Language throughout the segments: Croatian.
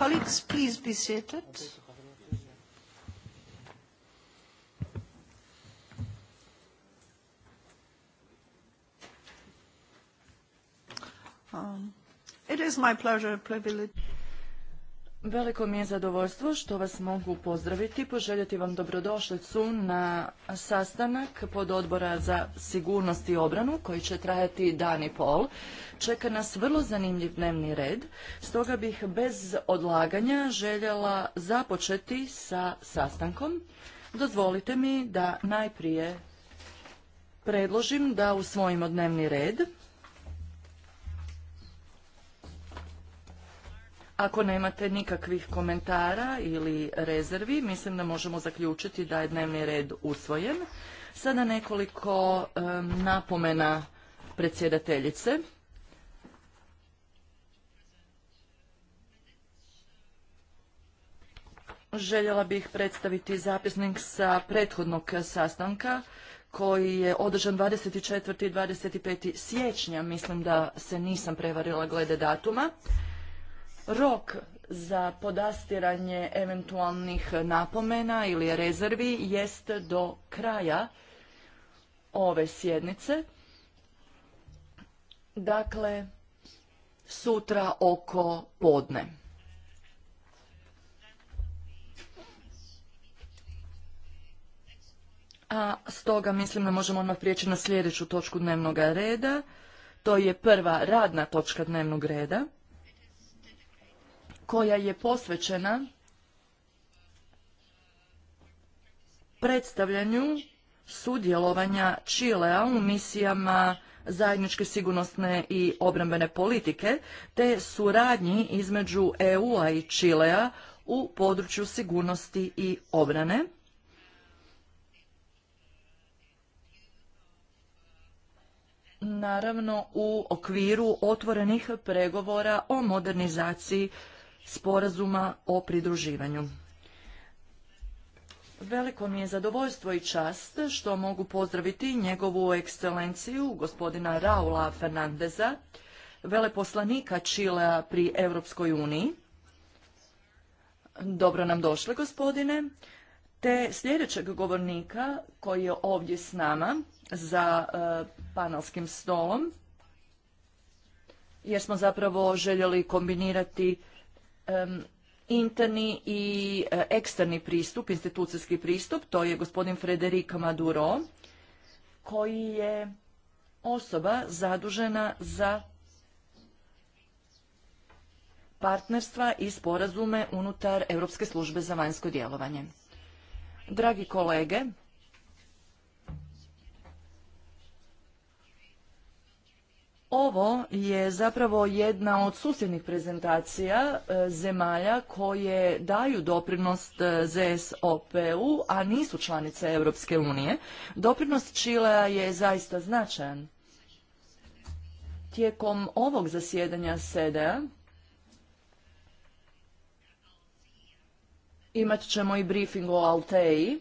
Colleagues, please be seated. Um, it is my pleasure, privilege. Veliko mi je zadovoljstvo što vas mogu pozdraviti, poželjeti vam dobrodošlicu na sastanak pod odbora za sigurnost i obranu koji će trajati dan i pol. Čeka nas vrlo zanimljiv dnevni red, stoga bih bez odlaganja željela započeti sa sastankom. Dozvolite mi da najprije predložim da usvojimo dnevni red. Ako nemate nikakvih komentara ili rezervi, mislim da možemo zaključiti da je dnevni red usvojen. Sada nekoliko napomena predsjedateljice. Željela bih predstaviti zapisnik sa prethodnog sastanka koji je održan 24. i 25. siječnja. Mislim da se nisam prevarila glede datuma. Rok za podastiranje eventualnih napomena ili rezervi jest do kraja ove sjednice. Dakle, sutra oko podne. A stoga mislim da možemo odmah prijeći na sljedeću točku dnevnog reda. To je prva radna točka dnevnog reda koja je posvećena predstavljanju sudjelovanja Čilea u misijama zajedničke sigurnosne i obrambene politike te suradnji između EU-a i Čilea u području sigurnosti i obrane. Naravno u okviru otvorenih pregovora o modernizaciji sporazuma o pridruživanju. Veliko mi je zadovoljstvo i čast što mogu pozdraviti njegovu ekscelenciju, gospodina Raula Fernandeza, veleposlanika Čilea pri Europskoj uniji. Dobro nam došli, gospodine. Te sljedećeg govornika koji je ovdje s nama za e, panelskim stolom, jer smo zapravo željeli kombinirati interni i e, eksterni pristup, institucijski pristup, to je gospodin Frederica Maduro, koji je osoba zadužena za partnerstva i sporazume unutar Europske službe za vanjsko djelovanje. Dragi kolege, Ovo je zapravo jedna od susjednih prezentacija e, zemalja koje daju doprinos e, ZSOP-u, a nisu članice Europske unije. Doprinos Čilea je zaista značajan. Tijekom ovog zasjedanja SEDA imat ćemo i briefing o Alteji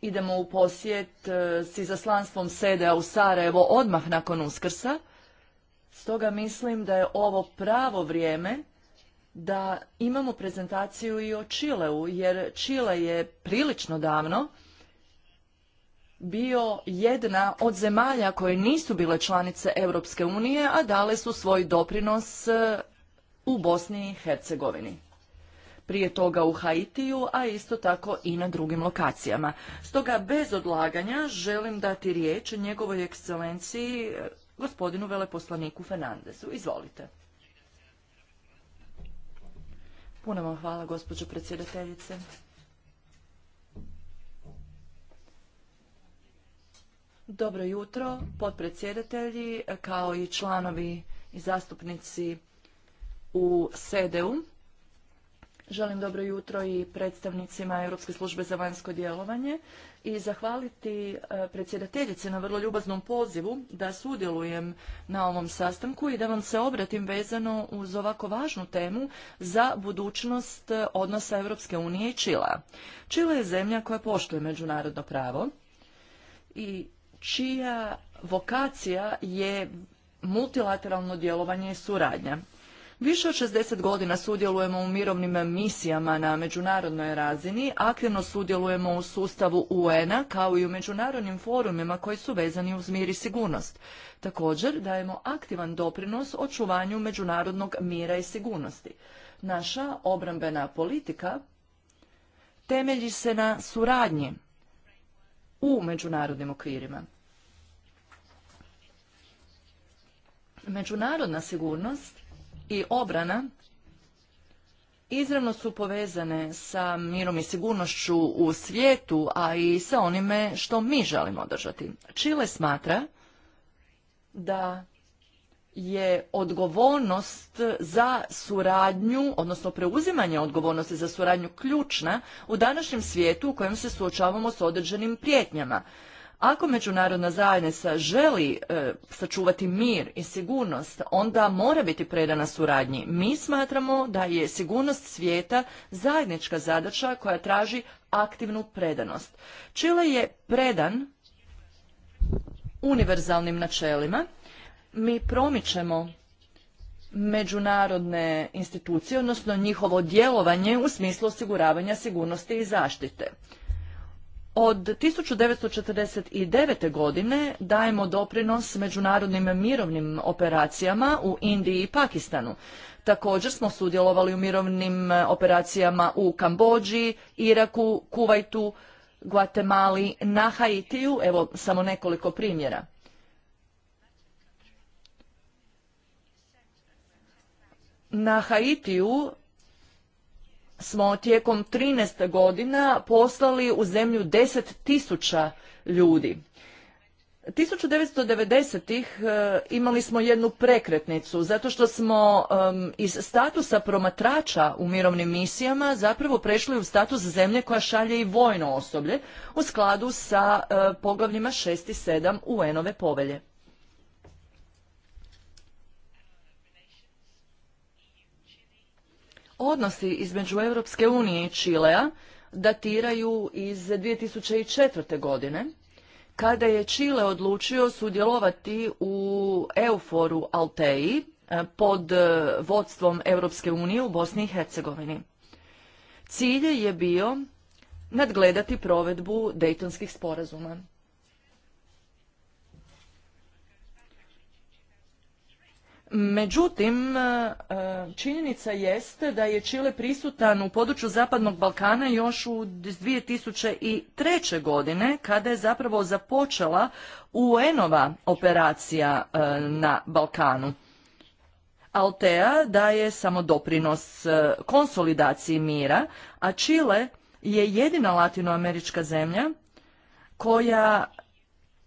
idemo u posjet e, s izaslanstvom SEDEA u Sarajevo odmah nakon Uskrsa. Stoga mislim da je ovo pravo vrijeme da imamo prezentaciju i o Čileu, jer Čile je prilično davno bio jedna od zemalja koje nisu bile članice Europske unije, a dale su svoj doprinos e, u Bosni i Hercegovini prije toga u Haitiju, a isto tako i na drugim lokacijama. Stoga bez odlaganja želim dati riječ njegovoj ekscelenciji eh, gospodinu veleposlaniku Fernandezu. Izvolite. Puno vam hvala, gospođo predsjedateljice. Dobro jutro, podpredsjedatelji, eh, kao i članovi i zastupnici u SEDEU. Želim dobro jutro i predstavnicima Europske službe za vanjsko djelovanje i zahvaliti e, predsjedateljici na vrlo ljubaznom pozivu da sudjelujem na ovom sastanku i da vam se obratim vezano uz ovako važnu temu za budućnost odnosa Europske unije i Čila. Čila je zemlja koja poštuje međunarodno pravo i čija vokacija je multilateralno djelovanje i suradnja. Više od 60 godina sudjelujemo u mirovnim misijama na međunarodnoj razini, aktivno sudjelujemo u sustavu UN-a kao i u međunarodnim forumima koji su vezani uz mir i sigurnost. Također dajemo aktivan doprinos očuvanju međunarodnog mira i sigurnosti. Naša obrambena politika temelji se na suradnji u međunarodnim okvirima. Međunarodna sigurnost i obrana izravno su povezane sa mirom i sigurnošću u svijetu, a i sa onime što mi želimo održati. Čile smatra da je odgovornost za suradnju, odnosno preuzimanje odgovornosti za suradnju ključna u današnjem svijetu u kojem se suočavamo s određenim prijetnjama. Ako međunarodna zajednica želi e, sačuvati mir i sigurnost, onda mora biti predana suradnji. Mi smatramo da je sigurnost svijeta zajednička zadaća koja traži aktivnu predanost. Čile je predan univerzalnim načelima. Mi promičemo međunarodne institucije, odnosno njihovo djelovanje u smislu osiguravanja sigurnosti i zaštite. Od 1949. godine dajemo doprinos međunarodnim mirovnim operacijama u Indiji i Pakistanu. Također smo sudjelovali u mirovnim operacijama u Kambođi, Iraku, Kuvajtu, Guatemali, na Haitiju, evo samo nekoliko primjera. Na Haitiju smo tijekom 13 godina poslali u zemlju 10.000 ljudi. 1990-ih e, imali smo jednu prekretnicu zato što smo iz statusa promatrača u mirovnim misijama zapravo prešli u status zemlje koja šalje i vojno osoblje u skladu sa e, poglavljima 6 i 7 UN-ove povelje. Odnosi između Europske unije i Čilea datiraju iz 2004. godine, kada je Čile odlučio sudjelovati u Euforu Alteji eh, pod eh, vodstvom Europske unije u Bosni i Hercegovini. Cilj je bio nadgledati provedbu Dejtonskih sporazuma. Međutim, e, činjenica jeste da je Čile prisutan u području Zapadnog Balkana još u 2003. godine, kada je zapravo započela UN-ova operacija e, na Balkanu. Altea daje samo doprinos e, konsolidaciji mira, a Čile je jedina latinoamerička zemlja koja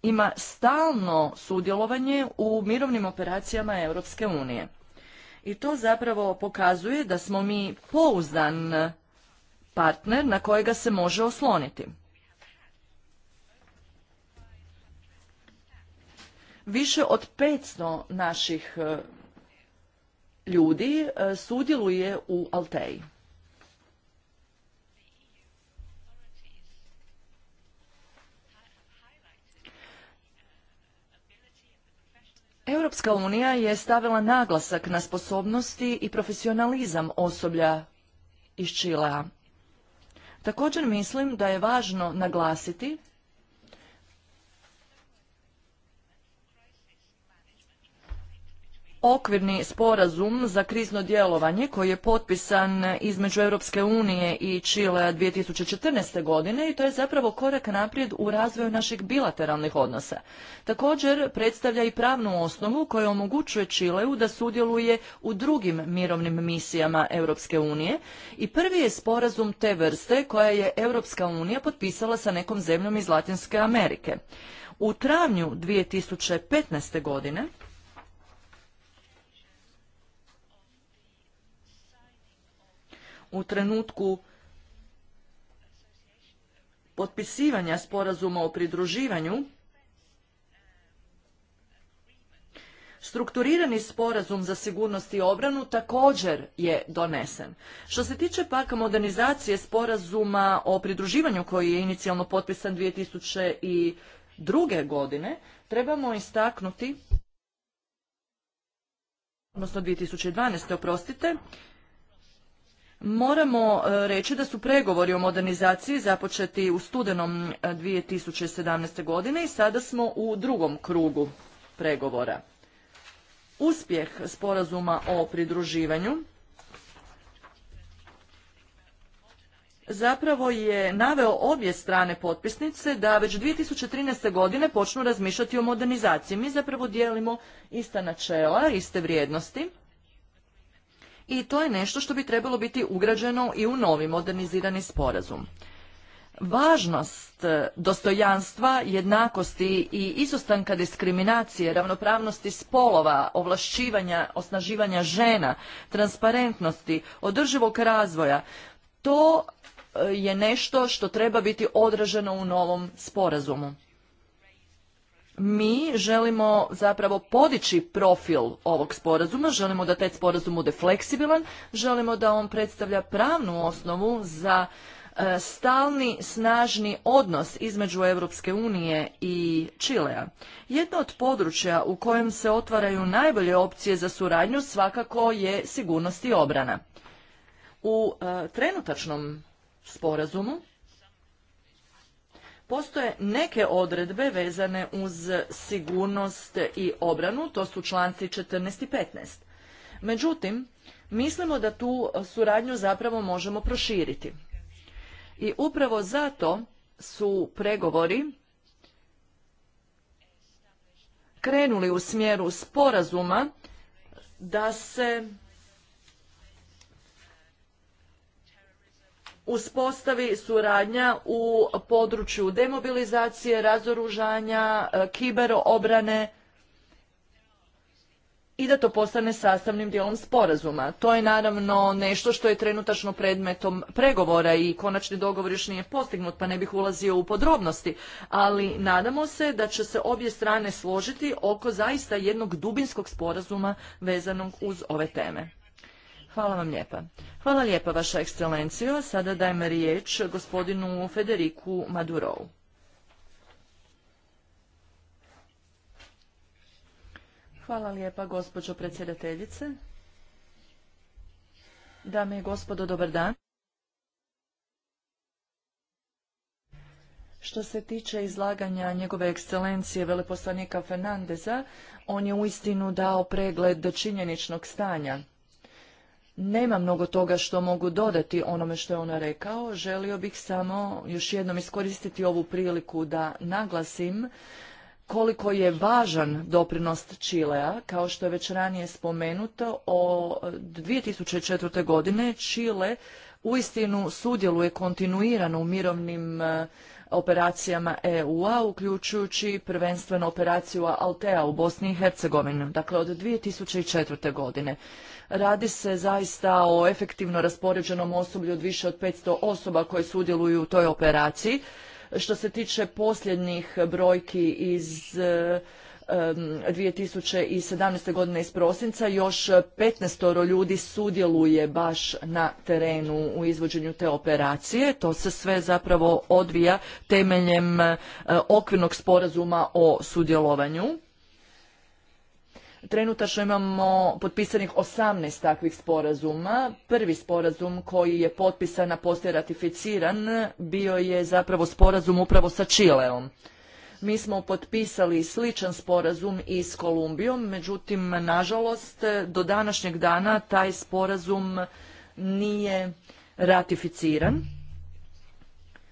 ima stalno sudjelovanje u mirovnim operacijama Europske unije. I to zapravo pokazuje da smo mi pouzdan partner na kojega se može osloniti. Više od 500 naših e, ljudi e, sudjeluje u Alteji. Europska unija je stavila naglasak na sposobnosti i profesionalizam osoblja iz Čilea. Također mislim da je važno naglasiti okvirni sporazum za krizno djelovanje koji je potpisan između Europske unije i Čilea 2014. godine i to je zapravo korak naprijed u razvoju naših bilateralnih odnosa. Također predstavlja i pravnu osnovu koja omogućuje Čileu da sudjeluje u drugim mirovnim misijama Europske unije i prvi je sporazum te vrste koja je Europska unija potpisala sa nekom zemljom iz Latinske Amerike. U travnju 2015. godine u trenutku potpisivanja sporazuma o pridruživanju strukturirani sporazum za sigurnost i obranu također je donesen. Što se tiče pak modernizacije sporazuma o pridruživanju koji je inicijalno potpisan 2002. godine, trebamo istaknuti odnosno 2012. oprostite, Moramo e, reći da su pregovori o modernizaciji započeti u studenom 2017. E, godine i sada smo u drugom krugu pregovora. Uspjeh sporazuma o pridruživanju zapravo je naveo obje strane potpisnice da već 2013. godine počnu razmišljati o modernizaciji. Mi zapravo dijelimo ista načela, iste vrijednosti i to je nešto što bi trebalo biti ugrađeno i u novi modernizirani sporazum. Važnost e, dostojanstva, jednakosti i izostanka diskriminacije, ravnopravnosti spolova, ovlašćivanja, osnaživanja žena, transparentnosti, održivog razvoja, to e, je nešto što treba biti odraženo u novom sporazumu mi želimo zapravo podići profil ovog sporazuma, želimo da taj sporazum bude fleksibilan, želimo da on predstavlja pravnu osnovu za e, stalni, snažni odnos između Europske unije i Čilea. Jedno od područja u kojem se otvaraju najbolje opcije za suradnju svakako je sigurnost i obrana. U e, trenutačnom sporazumu Postoje neke odredbe vezane uz sigurnost i obranu, to su članci 14 i 15. Međutim, mislimo da tu suradnju zapravo možemo proširiti. I upravo zato su pregovori krenuli u smjeru sporazuma da se uspostavi suradnja u području demobilizacije, razoružanja, e, kiberobrane i da to postane sastavnim dijelom sporazuma. To je naravno nešto što je trenutačno predmetom pregovora i konačni dogovor još nije postignut, pa ne bih ulazio u podrobnosti, ali nadamo se da će se obje strane složiti oko zaista jednog dubinskog sporazuma vezanog uz ove teme. Hvala vam lijepa. Hvala lijepa, Vaša ekscelencijo. Sada dajem riječ gospodinu Federiku Madurovu. Hvala lijepa, gospođo predsjedateljice. Dame i gospodo, dobar dan. Što se tiče izlaganja njegove ekscelencije veleposlanika Fernandeza, on je uistinu dao pregled činjeničnog stanja nema mnogo toga što mogu dodati onome što je ona rekao. Želio bih samo još jednom iskoristiti ovu priliku da naglasim koliko je važan doprinost Čilea, kao što je već ranije spomenuto, o 2004. godine Čile uistinu sudjeluje kontinuirano u mirovnim operacijama EU-a, uključujući prvenstveno operaciju Altea u Bosni i Hercegovini, dakle od 2004. godine. Radi se zaista o efektivno raspoređenom osoblju od više od 500 osoba koje sudjeluju u toj operaciji. Što se tiče posljednjih brojki iz 2017. godine iz prosinca još 15 ljudi sudjeluje baš na terenu u izvođenju te operacije. To se sve zapravo odvija temeljem okvirnog sporazuma o sudjelovanju. Trenutačno imamo potpisanih 18 takvih sporazuma. Prvi sporazum koji je potpisan, a poslije ratificiran, bio je zapravo sporazum upravo sa Čileom. Mi smo potpisali sličan sporazum i s Kolumbijom, međutim, nažalost, do današnjeg dana taj sporazum nije ratificiran.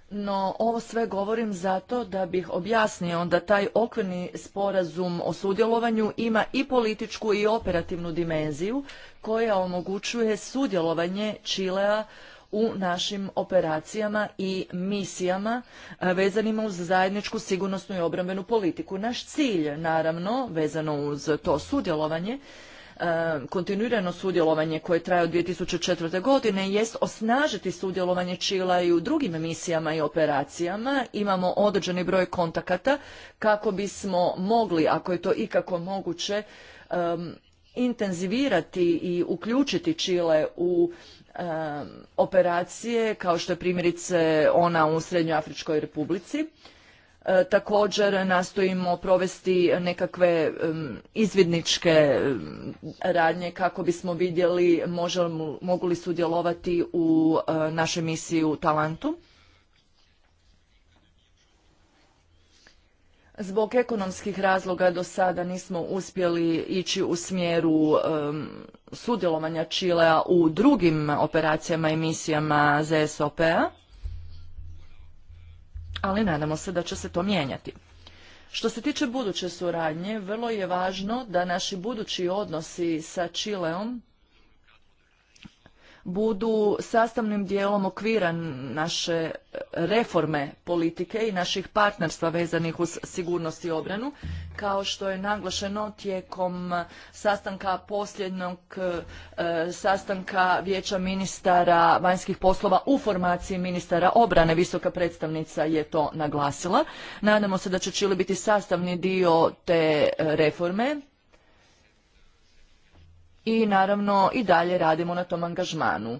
No, ovo sve govorim zato da bih objasnio da taj okvirni sporazum o sudjelovanju ima i političku i operativnu dimenziju koja omogućuje sudjelovanje Čilea u našim operacijama i misijama e, vezanima uz zajedničku sigurnosnu i obrambenu politiku. Naš cilj, naravno, vezano uz to sudjelovanje, e, kontinuirano sudjelovanje koje traje od 2004. godine jest osnažiti sudjelovanje Čila i u drugim misijama i operacijama. Imamo određeni broj kontakata kako bismo mogli, ako je to ikako moguće, e, intenzivirati i uključiti Čile u Eh, operacije kao što je primjerice ona u Srednjoafričkoj republici. Eh, također nastojimo provesti nekakve eh, izvidničke radnje kako bismo vidjeli mogu li sudjelovati u našoj misiji u Talantu. Zbog ekonomskih razloga do sada nismo uspjeli ići u smjeru sudjelovanja Čilea u drugim operacijama i misijama ZSOP-a, ali nadamo se da će se to mijenjati. Što se tiče buduće suradnje, vrlo je važno da naši budući odnosi sa Čileom budu sastavnim dijelom okvira naše reforme politike i naših partnerstva vezanih uz sigurnost i obranu, kao što je naglašeno tijekom sastanka posljednog e, sastanka vijeća ministara vanjskih poslova u formaciji ministara obrane. Visoka predstavnica je to naglasila. Nadamo se da će čili biti sastavni dio te e, reforme i naravno i dalje radimo na tom angažmanu.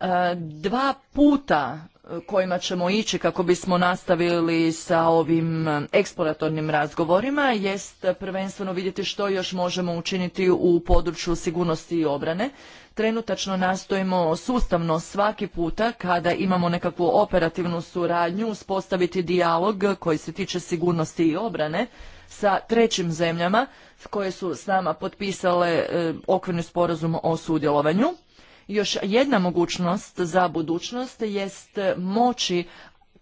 E, dva puta e, kojima ćemo ići kako bismo nastavili sa ovim e, eksploratornim razgovorima jest prvenstveno vidjeti što još možemo učiniti u području sigurnosti i obrane. Trenutačno nastojimo sustavno svaki puta kada imamo nekakvu operativnu suradnju uspostaviti dijalog koji se tiče sigurnosti i obrane sa trećim zemljama koje su s nama potpisale e, okvirni sporazum o sudjelovanju. Još jedna mogućnost za budućnost jest moći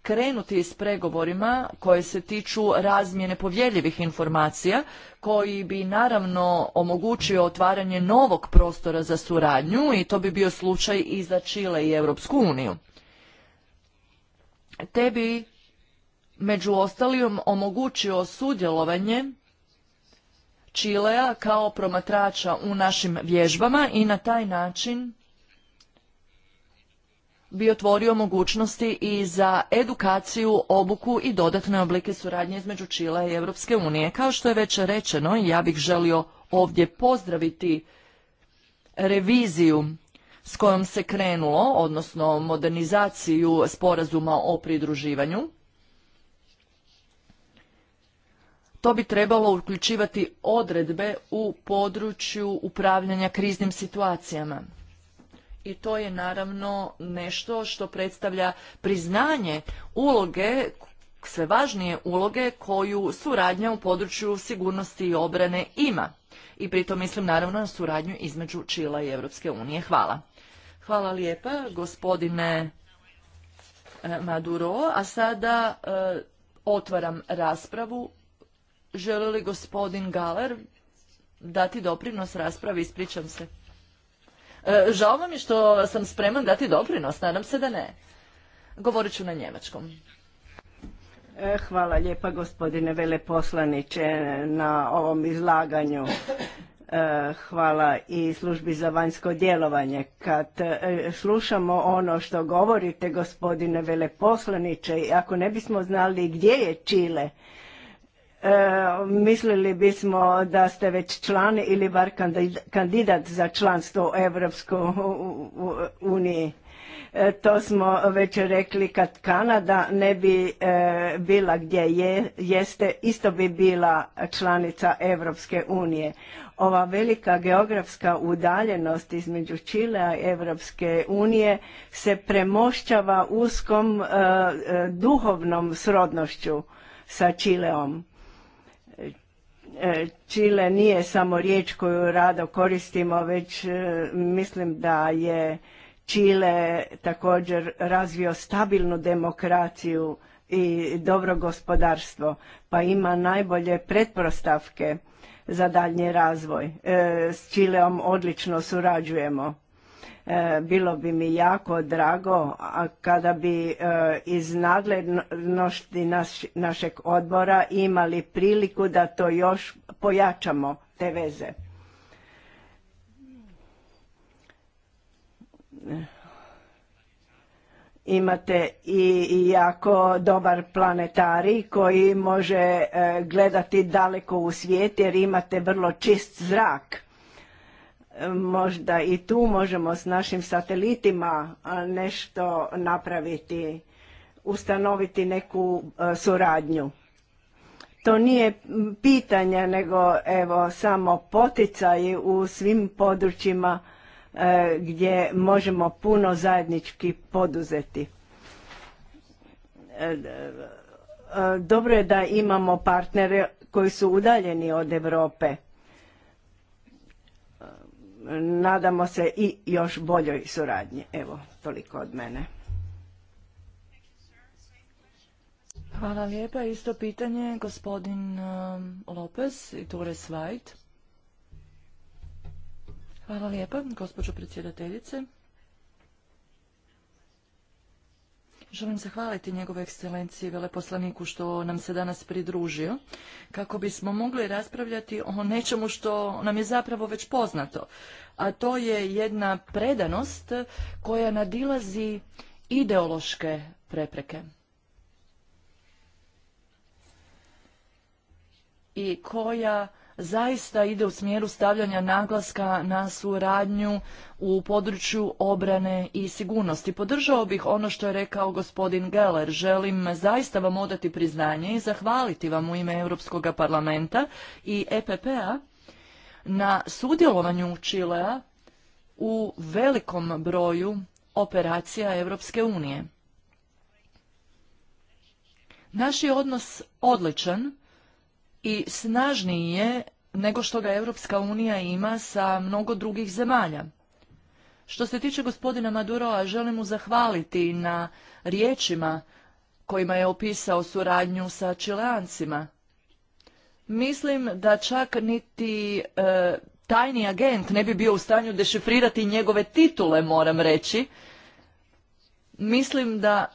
krenuti s pregovorima koje se tiču razmjene povjerljivih informacija koji bi naravno omogućio otvaranje novog prostora za suradnju i to bi bio slučaj i za Čile i Europsku uniju. Te bi među ostalim omogućio sudjelovanje Čilea kao promatrača u našim vježbama i na taj način bi otvorio mogućnosti i za edukaciju, obuku i dodatne oblike suradnje između Čile i Europske unije. Kao što je već rečeno, ja bih želio ovdje pozdraviti reviziju s kojom se krenulo, odnosno modernizaciju sporazuma o pridruživanju. to bi trebalo uključivati odredbe u području upravljanja kriznim situacijama. I to je naravno nešto što predstavlja priznanje uloge sve važnije uloge koju suradnja u području sigurnosti i obrane ima. I pritom mislim naravno na suradnju između Čila i Europske unije. Hvala. Hvala lijepa gospodine eh, Maduro, a sada eh, otvaram raspravu Želi li gospodin Galer dati doprinos raspravi? Ispričam se. E, žao vam je što sam spreman dati doprinos, nadam se da ne. Govorit ću na njemačkom. E, hvala lijepa gospodine veleposlaniče na ovom izlaganju. E, hvala i službi za vanjsko djelovanje. Kad slušamo ono što govorite gospodine veleposlaniče, ako ne bismo znali gdje je Čile, E, mislili bismo da ste već član ili bar kandidat za članstvo u Europskoj uniji. E, to smo već rekli kad Kanada ne bi e, bila gdje je, jeste, isto bi bila članica Europske unije. Ova velika geografska udaljenost između Čilea i Europske unije se premošćava uskom duhovnom srodnošću sa Čileom E, Čile nije samo riječ koju rado koristimo, već e, mislim da je Čile također razvio stabilnu demokraciju i dobro gospodarstvo, pa ima najbolje pretpostavke za daljnji razvoj. E, s Čileom odlično surađujemo. E, bilo bi mi jako drago a kada bi e, iz nadležnosti našeg odbora imali priliku da to još pojačamo, te veze. Imate i jako dobar planetari koji može e, gledati daleko u svijet jer imate vrlo čist zrak možda i tu možemo s našim satelitima nešto napraviti, ustanoviti neku e, suradnju. To nije pitanje, nego evo samo poticaj u svim područjima e, gdje možemo puno zajednički poduzeti. E, dobro je da imamo partnere koji su udaljeni od Europe nadamo se i još boljoj suradnji. Evo, toliko od mene. Hvala lijepa. Isto pitanje gospodin um, Lopez i Ture White. Hvala lijepa, gospođo predsjedateljice. Želim zahvaliti njegove ekscelenciji veleposlaniku što nam se danas pridružio, kako bismo mogli raspravljati o nečemu što nam je zapravo već poznato, a to je jedna predanost koja nadilazi ideološke prepreke. I koja zaista ide u smjeru stavljanja naglaska na suradnju u području obrane i sigurnosti. Podržao bih ono što je rekao gospodin Geller. Želim zaista vam odati priznanje i zahvaliti vam u ime Europskog parlamenta i EPP-a na sudjelovanju Čilea u velikom broju operacija Europske unije. Naš je odnos odličan i snažniji je nego što ga Europska unija ima sa mnogo drugih zemalja. Što se tiče gospodina Maduroa, želim mu zahvaliti na riječima kojima je opisao suradnju sa čileancima. Mislim da čak niti e, tajni agent ne bi bio u stanju dešifrirati njegove titule, moram reći. Mislim da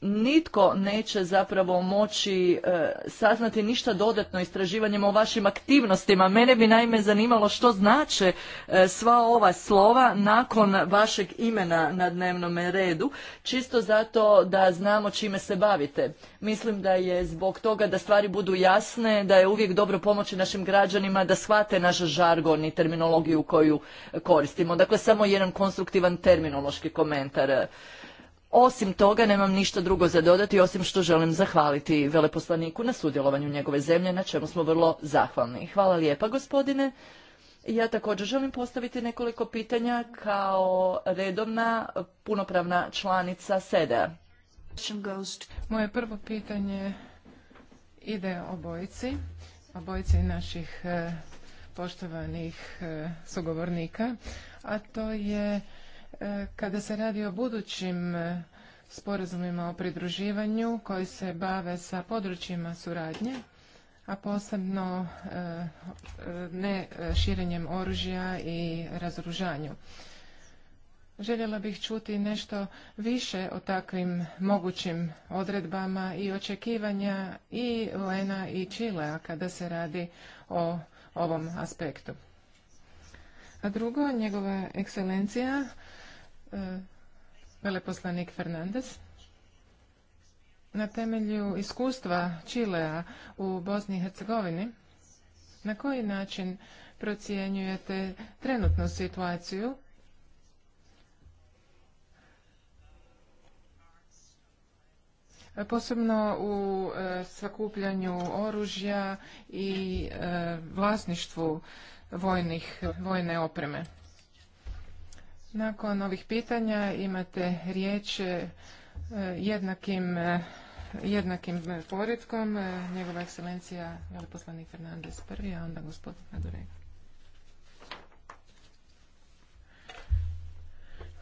nitko neće zapravo moći e, saznati ništa dodatno istraživanjem o vašim aktivnostima. Mene bi naime zanimalo što znače e, sva ova slova nakon vašeg imena na dnevnom redu, čisto zato da znamo čime se bavite. Mislim da je zbog toga da stvari budu jasne, da je uvijek dobro pomoći našim građanima da shvate naš žargon i terminologiju koju koristimo. Dakle, samo jedan konstruktivan terminološki komentar. Osim toga, nemam ništa drugo za dodati, osim što želim zahvaliti veleposlaniku na sudjelovanju njegove zemlje, na čemu smo vrlo zahvalni. Hvala lijepa, gospodine. Ja također želim postaviti nekoliko pitanja kao redovna punopravna članica SEDA. Moje prvo pitanje ide obojici, obojici naših eh, poštovanih eh, sugovornika, a to je E, kada se radi o budućim e, sporazumima o pridruživanju koji se bave sa područjima suradnje, a posebno e, ne širenjem oružja i razružanju. Željela bih čuti nešto više o takvim mogućim odredbama i očekivanja i Lena i Čilea kada se radi o ovom aspektu. A drugo, njegova ekscelencija E, veleposlanik Fernandez. Na temelju iskustva Čilea u Bosni i Hercegovini, na koji način procjenjujete trenutnu situaciju posebno u svakupljanju e, sakupljanju oružja i e, vlasništvu vojne opreme. Nakon ovih pitanja imate riječ e, jednakim e, jednakim poredkom. E, Njegova ekscelencija veleposlanik Fernandez prvi, a onda gospodin Madurega.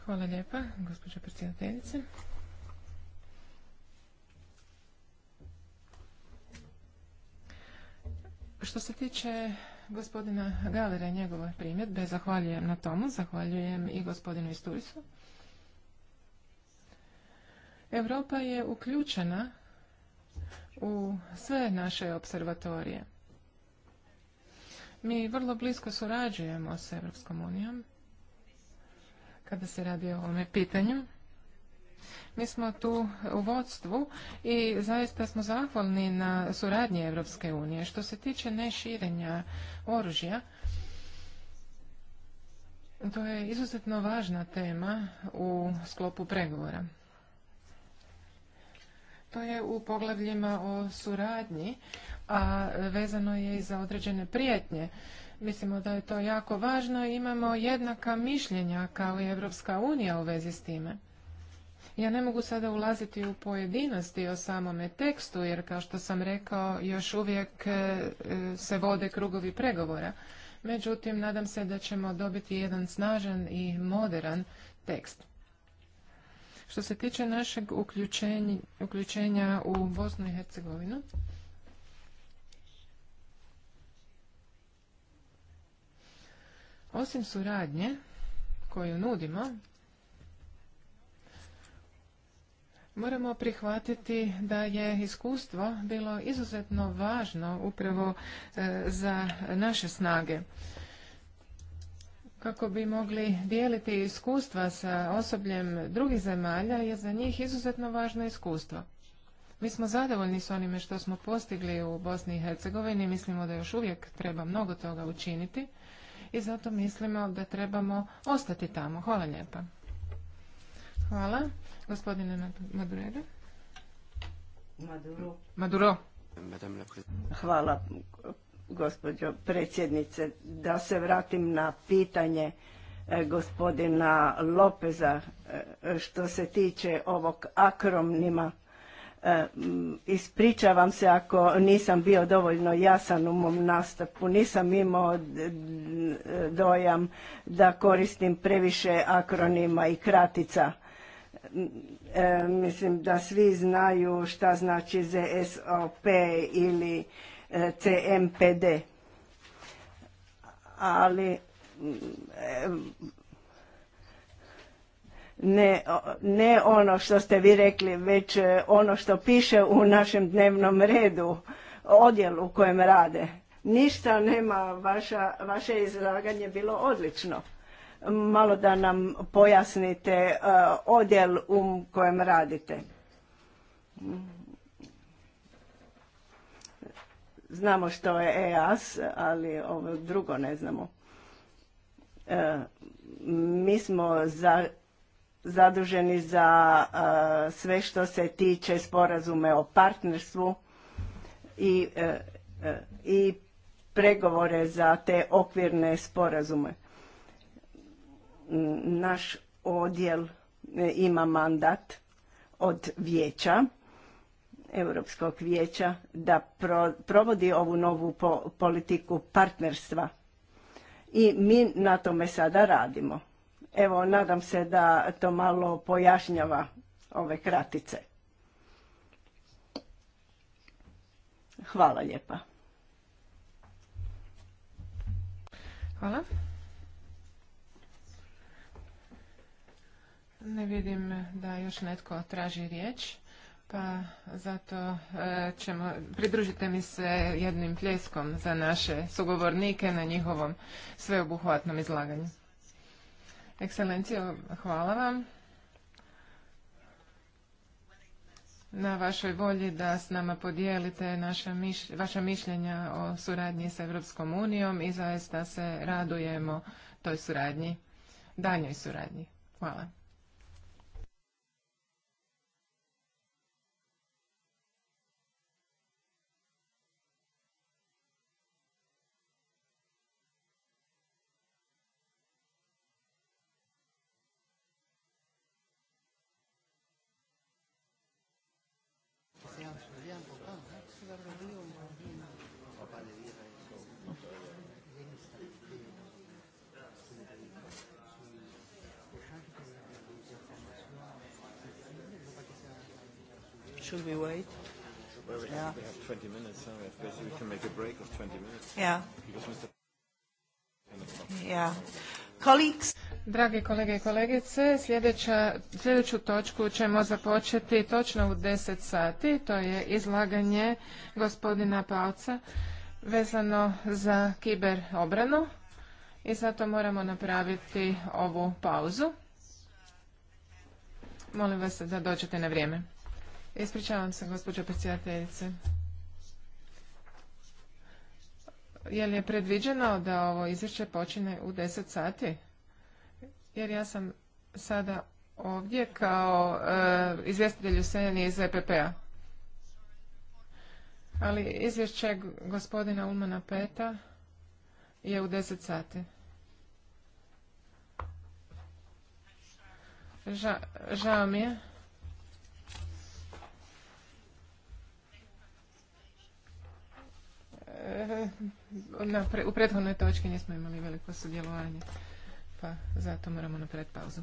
Hvala lijepa, gospođo predsjedateljice. Što se tiče gospodina Galera i njegove primjedbe. Zahvaljujem na tomu, zahvaljujem i gospodinu Isturisu. Europa je uključena u sve naše observatorije. Mi vrlo blisko surađujemo s Europskom unijom kada se radi o ovome pitanju. Mi smo tu u vodstvu i zaista smo zahvalni na suradnji Europske unije. Što se tiče neširenja oružja, to je izuzetno važna tema u sklopu pregovora. To je u poglavljima o suradnji, a vezano je i za određene prijetnje. Mislimo da je to jako važno i imamo jednaka mišljenja kao i Evropska unija u vezi s time. Ja ne mogu sada ulaziti u pojedinosti o samome tekstu, jer kao što sam rekao, još uvijek e, se vode krugovi pregovora. Međutim, nadam se da ćemo dobiti jedan snažan i moderan tekst. Što se tiče našeg uključenja u Bosnu i Hercegovinu, osim suradnje koju nudimo, Moramo prihvatiti da je iskustvo bilo izuzetno važno upravo e, za naše snage kako bi mogli dijeliti iskustva sa osobljem drugih zemalja je za njih izuzetno važno iskustvo. Mi smo zadovoljni s onime što smo postigli u Bosni i Hercegovini, mislimo da još uvijek treba mnogo toga učiniti i zato mislimo da trebamo ostati tamo. Hvala lijepa. Hvala. Gospodine Maduro. Maduro. Hvala, gospođo predsjednice. Da se vratim na pitanje e, gospodina Lopeza e, što se tiče ovog akronima. E, ispričavam se ako nisam bio dovoljno jasan u mom nastupu, nisam imao dojam da koristim previše akronima i kratica mislim da svi znaju šta znači ZSOP ili e, CMPD. Ali ne, ono što ste vi rekli, već e, ono što piše u našem dnevnom redu, odjelu u kojem rade. Ništa nema, vaša, vaše izlaganje bilo odlično malo da nam pojasnite e, odjel u kojem radite. Znamo što je EAS, ali ovo drugo ne znamo. E, mi smo za, zaduženi za e, sve što se tiče sporazume o partnerstvu i, i pregovore za te okvirne sporazume naš odjel e, ima mandat od vijeća, Europskog vijeća, da provodi ovu novu politiku partnerstva. I mi na tome sada radimo. Evo, nadam se da to malo pojašnjava ove kratice. Hvala lijepa. Hvala. Ne vidim da još netko traži riječ, pa zato e, ćemo, pridružite mi se jednim pljeskom za naše sugovornike na njihovom sveobuhvatnom izlaganju. Ekscelencijo, hvala vam na vašoj volji da s nama podijelite naša vaša mišljenja o suradnji s Europskom unijom i zaista se radujemo toj suradnji, danjoj suradnji. Hvala. Should we wait? Well, we, yeah. have, we have 20 minutes. Huh? We, have, we can make a break of 20 minutes. Yeah. Because Mr. Yeah. Colleagues. Dragi kolege i kolegice, sljedeća, sljedeću točku ćemo započeti točno u 10 sati. To je izlaganje gospodina Palca vezano za kiber obranu i zato moramo napraviti ovu pauzu. Molim vas da dođete na vrijeme. Ispričavam se, gospođo predsjedateljice. Je li je predviđeno da ovo izvješće počine u 10 sati? Jer ja sam sada ovdje kao e, izvjestitelj izvjestitelj usenjeni iz EPP-a. Ali izvješće gospodina Ulmana Peta je u 10 sati. žao mi je. E, u prethodnoj točki nismo imali veliko sudjelovanje, pa zato moramo napraviti pauzu.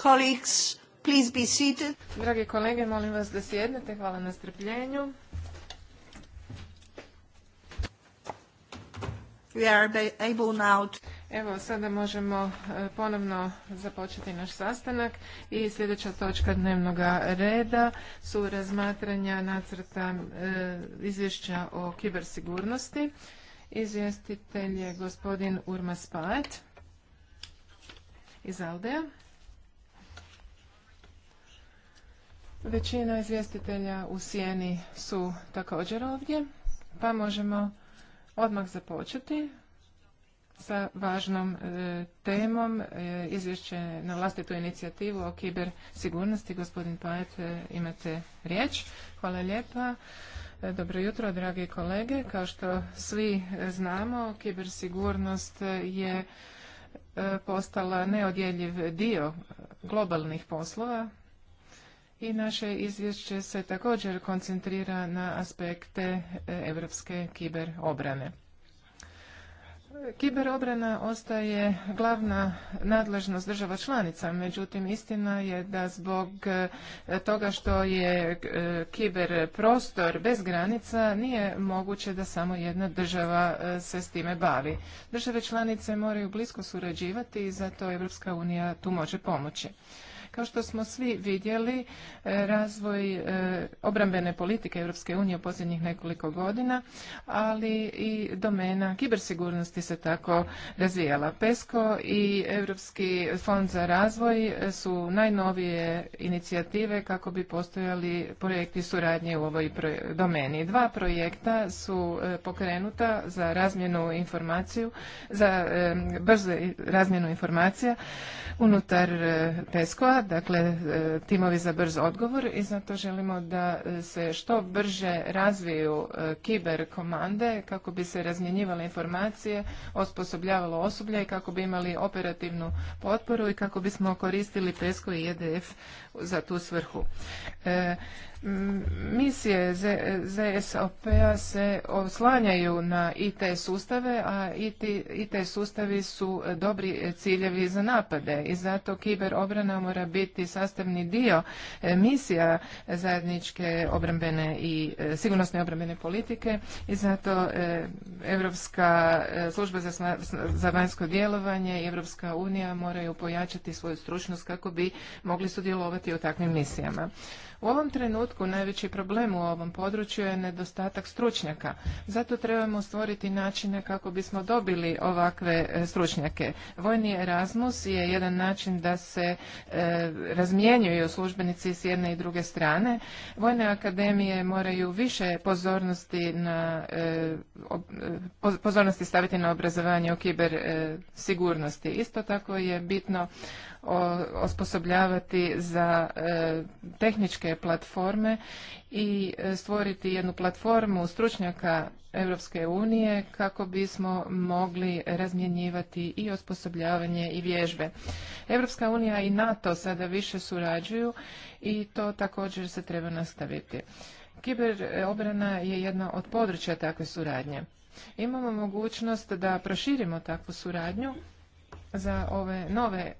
Colleagues, please be seated. Drage kolege, molim vas da sjednete. Hvala na strpljenju. Evo, sada možemo e, ponovno započeti naš sastanak i sljedeća točka dnevnog reda su razmatranja nacrta e, izvješća o kibersigurnosti. Izvjestitelj je gospodin Urmas Paet iz Aldeja. Većina izvjestitelja u sjeni su također ovdje, pa možemo odmah započeti sa važnom e, temom, e, izvješće na vlastitu inicijativu o kibersigurnosti. Gospodin Pajet, e, imate riječ. Hvala lijepa. Dobro jutro, dragi kolege. Kao što svi znamo, kibersigurnost je postala neodjeljiv dio globalnih poslova i naše izvješće se također koncentrira na aspekte europske kiberobrane. obrane. Kiberobrana ostaje glavna nadležnost država članica, međutim istina je da zbog e, toga što je e, kiber prostor bez granica nije moguće da samo jedna država e, se s time bavi. Države članice moraju blisko surađivati i zato Evropska unija tu može pomoći. Kao što smo svi vidjeli, e, razvoj e, obrambene politike Europske unije u posljednjih nekoliko godina, ali i domena kibersigurnosti se tako razvijala. PESCO i Europski fond za razvoj su najnovije inicijative kako bi postojali projekti suradnje u ovoj domeni. Dva projekta su e, pokrenuta za razmjenu informaciju, za brzu razmjenu informacija unutar PESCO-a dakle e, timovi za brz odgovor i zato želimo da e, se što brže razviju e, kiber komande kako bi se razmjenjivale informacije, osposobljavalo osoblje i kako bi imali operativnu potporu i kako bismo koristili PESCO i EDF za tu svrhu. E, misije ZSOP-a se oslanjaju na IT sustave, a IT, IT sustavi su dobri ciljevi za napade i zato kiber obrana mora biti sastavni dio e, misija zajedničke obrambene i e, sigurnosne obrambene politike i zato Europska e, služba za, vanjsko djelovanje i Europska unija moraju pojačati svoju stručnost kako bi mogli sudjelovati sudjelovati u takvim misijama. U ovom trenutku najveći problem u ovom području je nedostatak stručnjaka. Zato trebamo stvoriti načine kako bismo dobili ovakve e, stručnjake. Vojni Erasmus je jedan način da se e, razmjenjuju službenici s jedne i druge strane. Vojne akademije moraju više pozornosti na e, e, pozornosti staviti na obrazovanje o kiber sigurnosti. Isto tako je bitno osposobljavati za e, tehničke platforme i e, stvoriti jednu platformu stručnjaka Europske unije kako bismo mogli razmjenjivati i osposobljavanje i vježbe. Europska unija i NATO sada više surađuju i to također se treba nastaviti. Kiber obrana je jedna od područja takve suradnje. Imamo mogućnost da proširimo takvu suradnju za ove nove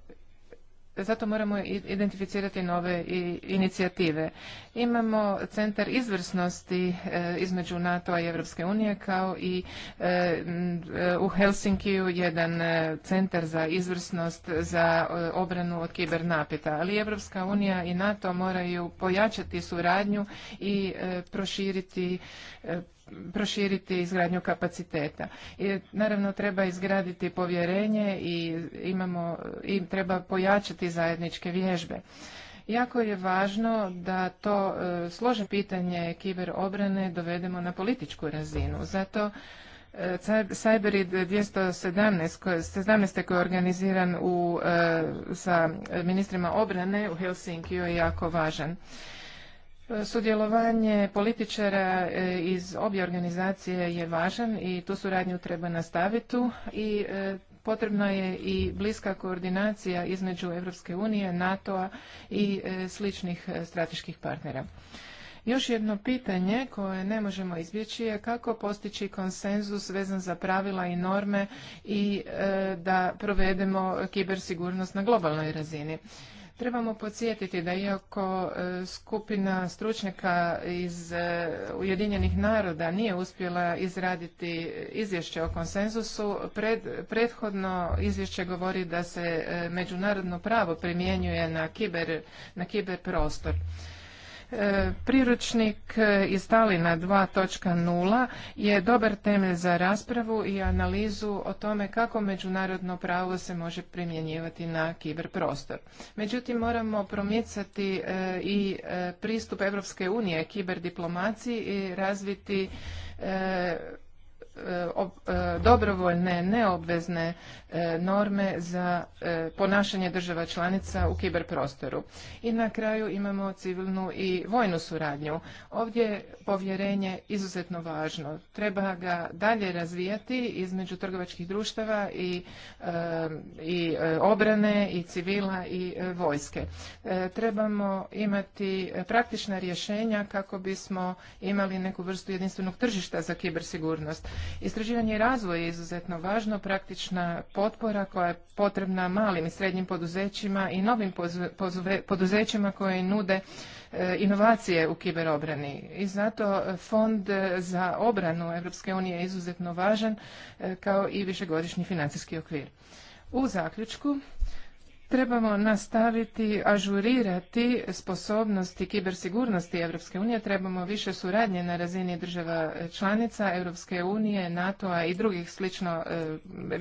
zato moramo identificirati nove inicijative. Imamo centar izvrsnosti e, između NATO-a i Europske unije kao i e, u Helsinkiju jedan e, centar za izvrsnost za obranu od kibernapeta. Ali Europska unija i NATO moraju pojačati suradnju i proširiti proširiti izgradnju kapaciteta. I naravno treba izgraditi povjerenje i imamo, im treba pojačati zajedničke vježbe. Jako je važno da to e, složen pitanje kiberobrane dovedemo na političku razinu. Zato e, Cyberid 217 koji je organiziran u, e, sa ministrima obrane u Helsinkiju je jako važan. Sudjelovanje političara e, iz obje organizacije je važan i tu suradnju treba nastaviti i e, potrebna je i bliska koordinacija između Europske unije, NATO-a i e, sličnih strateških partnera. Još jedno pitanje koje ne možemo izbjeći je kako postići konsenzus vezan za pravila i norme i da provedemo kibersigurnost na globalnoj razini. Trebamo podsjetiti da iako e, skupina stručnjaka iz e, Ujedinjenih naroda nije uspjela izraditi izvješće o konsenzusu, pred, prethodno izvješće govori da se e, međunarodno pravo primjenjuje na kiber, na kiber prostor. E, priručnik e, iz Talina 2.0 je dobar temelj za raspravu i analizu o tome kako međunarodno pravo se može primjenjivati na kiberprostor. Međutim, moramo promicati e, i pristup Europske unije kiberdiplomaciji i razviti E, e, dobrovoljne, neobvezne e, norme za ponašanje država članica u kiberprostoru. I na kraju imamo civilnu i vojnu suradnju. Ovdje je povjerenje izuzetno važno. Treba ga dalje razvijati između trgovačkih društava i, i obrane i civila i vojske. Trebamo imati praktična rješenja kako bismo imali neku vrstu jedinstvenog tržišta za kibersigurnost. Istraživanje i razvoj je izuzetno važno, praktična potpora koja je potrebna malim i srednjim poduzećima i novim poduzećima koji nude e, inovacije u kiberobrani. I zato fond za obranu EU unije je izuzetno važan e, kao i višegodišnji financijski okvir. U zaključku Trebamo nastaviti ažurirati sposobnosti kibersigurnosti Europske unije, trebamo više suradnje na razini država članica Europske unije, NATO-a i drugih slično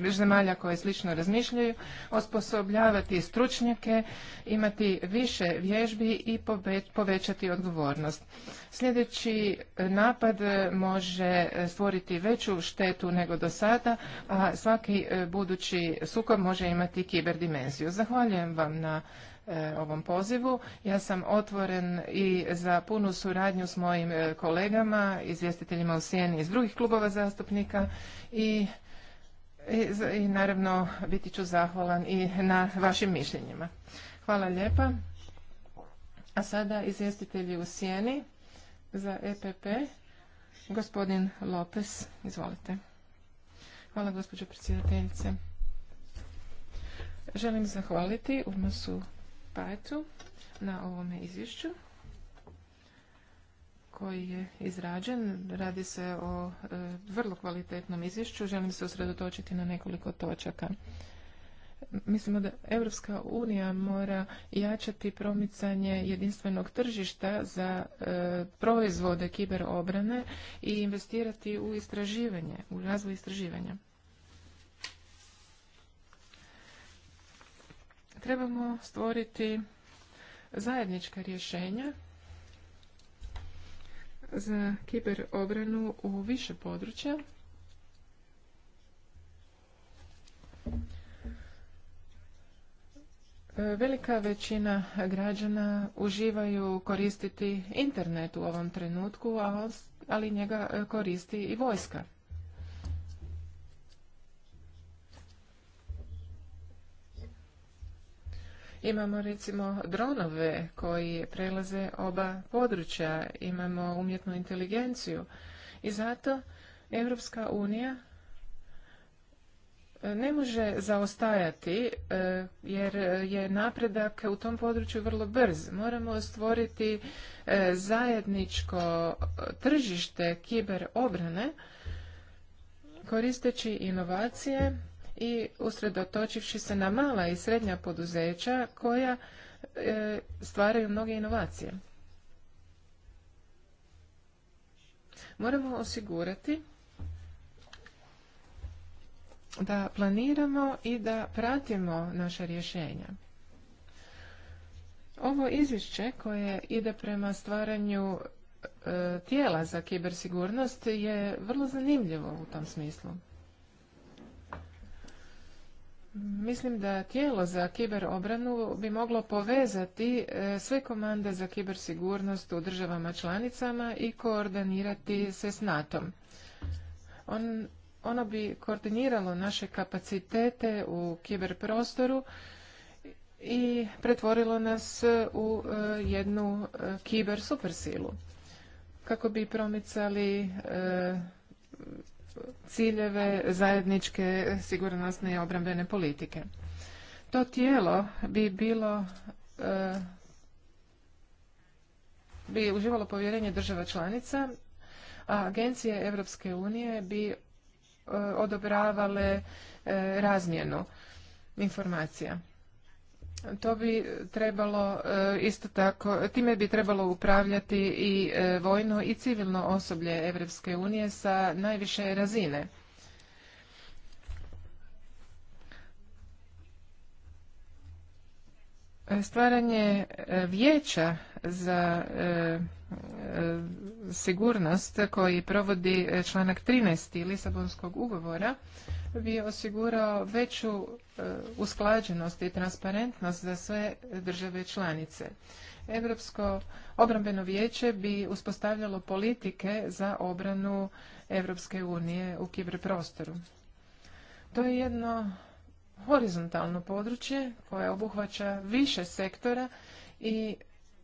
e, zemalja koje slično razmišljaju, osposobljavati stručnjake, imati više vježbi i povećati odgovornost. Sljedeći e, napad e, može e, stvoriti veću štetu nego do sada, a svaki budući sukob može imati kiberdimenziju. Zahvaljujem vam na ovom pozivu. Ja sam otvoren i za punu suradnju s mojim kolegama, izvjestiteljima u sjeni iz drugih klubova zastupnika i, i, i naravno biti ću zahvalan i na vašim mišljenjima. Hvala lijepa. A sada izvjestitelji u sjeni za EPP, gospodin Lopes. Izvolite. Hvala, gospođo predsjedateljice. Želim zahvaliti Urmasu Pajcu na ovome izvješću koji je izrađen. Radi se o e, vrlo kvalitetnom izvješću. Želim se usredotočiti na nekoliko točaka mislimo da Europska unija mora jačati promicanje jedinstvenog tržišta za e, proizvode kiberobrane i investirati u istraživanje, u razvoj istraživanja. Trebamo stvoriti zajednička rješenja za kiberobranu u više područja Velika većina građana uživaju koristiti internet u ovom trenutku, ali njega e, koristi i vojska. Imamo recimo dronove koji prelaze oba područja, imamo umjetnu inteligenciju i zato Europska unija ne može zaostajati e, jer je napredak u tom području vrlo brz. Moramo stvoriti e, zajedničko tržište kiber obrane koristeći inovacije i usredotočivši se na mala i srednja poduzeća koja e, stvaraju mnoge inovacije. Moramo osigurati da planiramo i da pratimo naša rješenja. Ovo izvješće koje ide prema stvaranju e, tijela za kibersigurnost je vrlo zanimljivo u tom smislu. Mislim da tijelo za kiberobranu bi moglo povezati e, sve komande za kibersigurnost u državama članicama i koordinirati se s NATO-om. On, ono bi koordiniralo naše kapacitete u kiberprostoru i pretvorilo nas u e, jednu e, kiber supersilu kako bi promicali e, ciljeve zajedničke sigurnosne i obrambene politike. To tijelo bi bilo bi uživalo povjerenje država članica, a agencije Europske unije bi E, odobravale e, razmjenu informacija. To bi trebalo e, isto tako, time bi trebalo upravljati i vojno i civilno osoblje Europske unije sa najviše razine. Stvaranje vijeća za E, sigurnost koji provodi e, članak 13. Lisabonskog ugovora bi osigurao veću e, usklađenost i transparentnost za sve države članice. Europsko obrambeno vijeće bi uspostavljalo politike za obranu Europske unije u kiberprostoru. To je jedno horizontalno područje koje obuhvaća više sektora i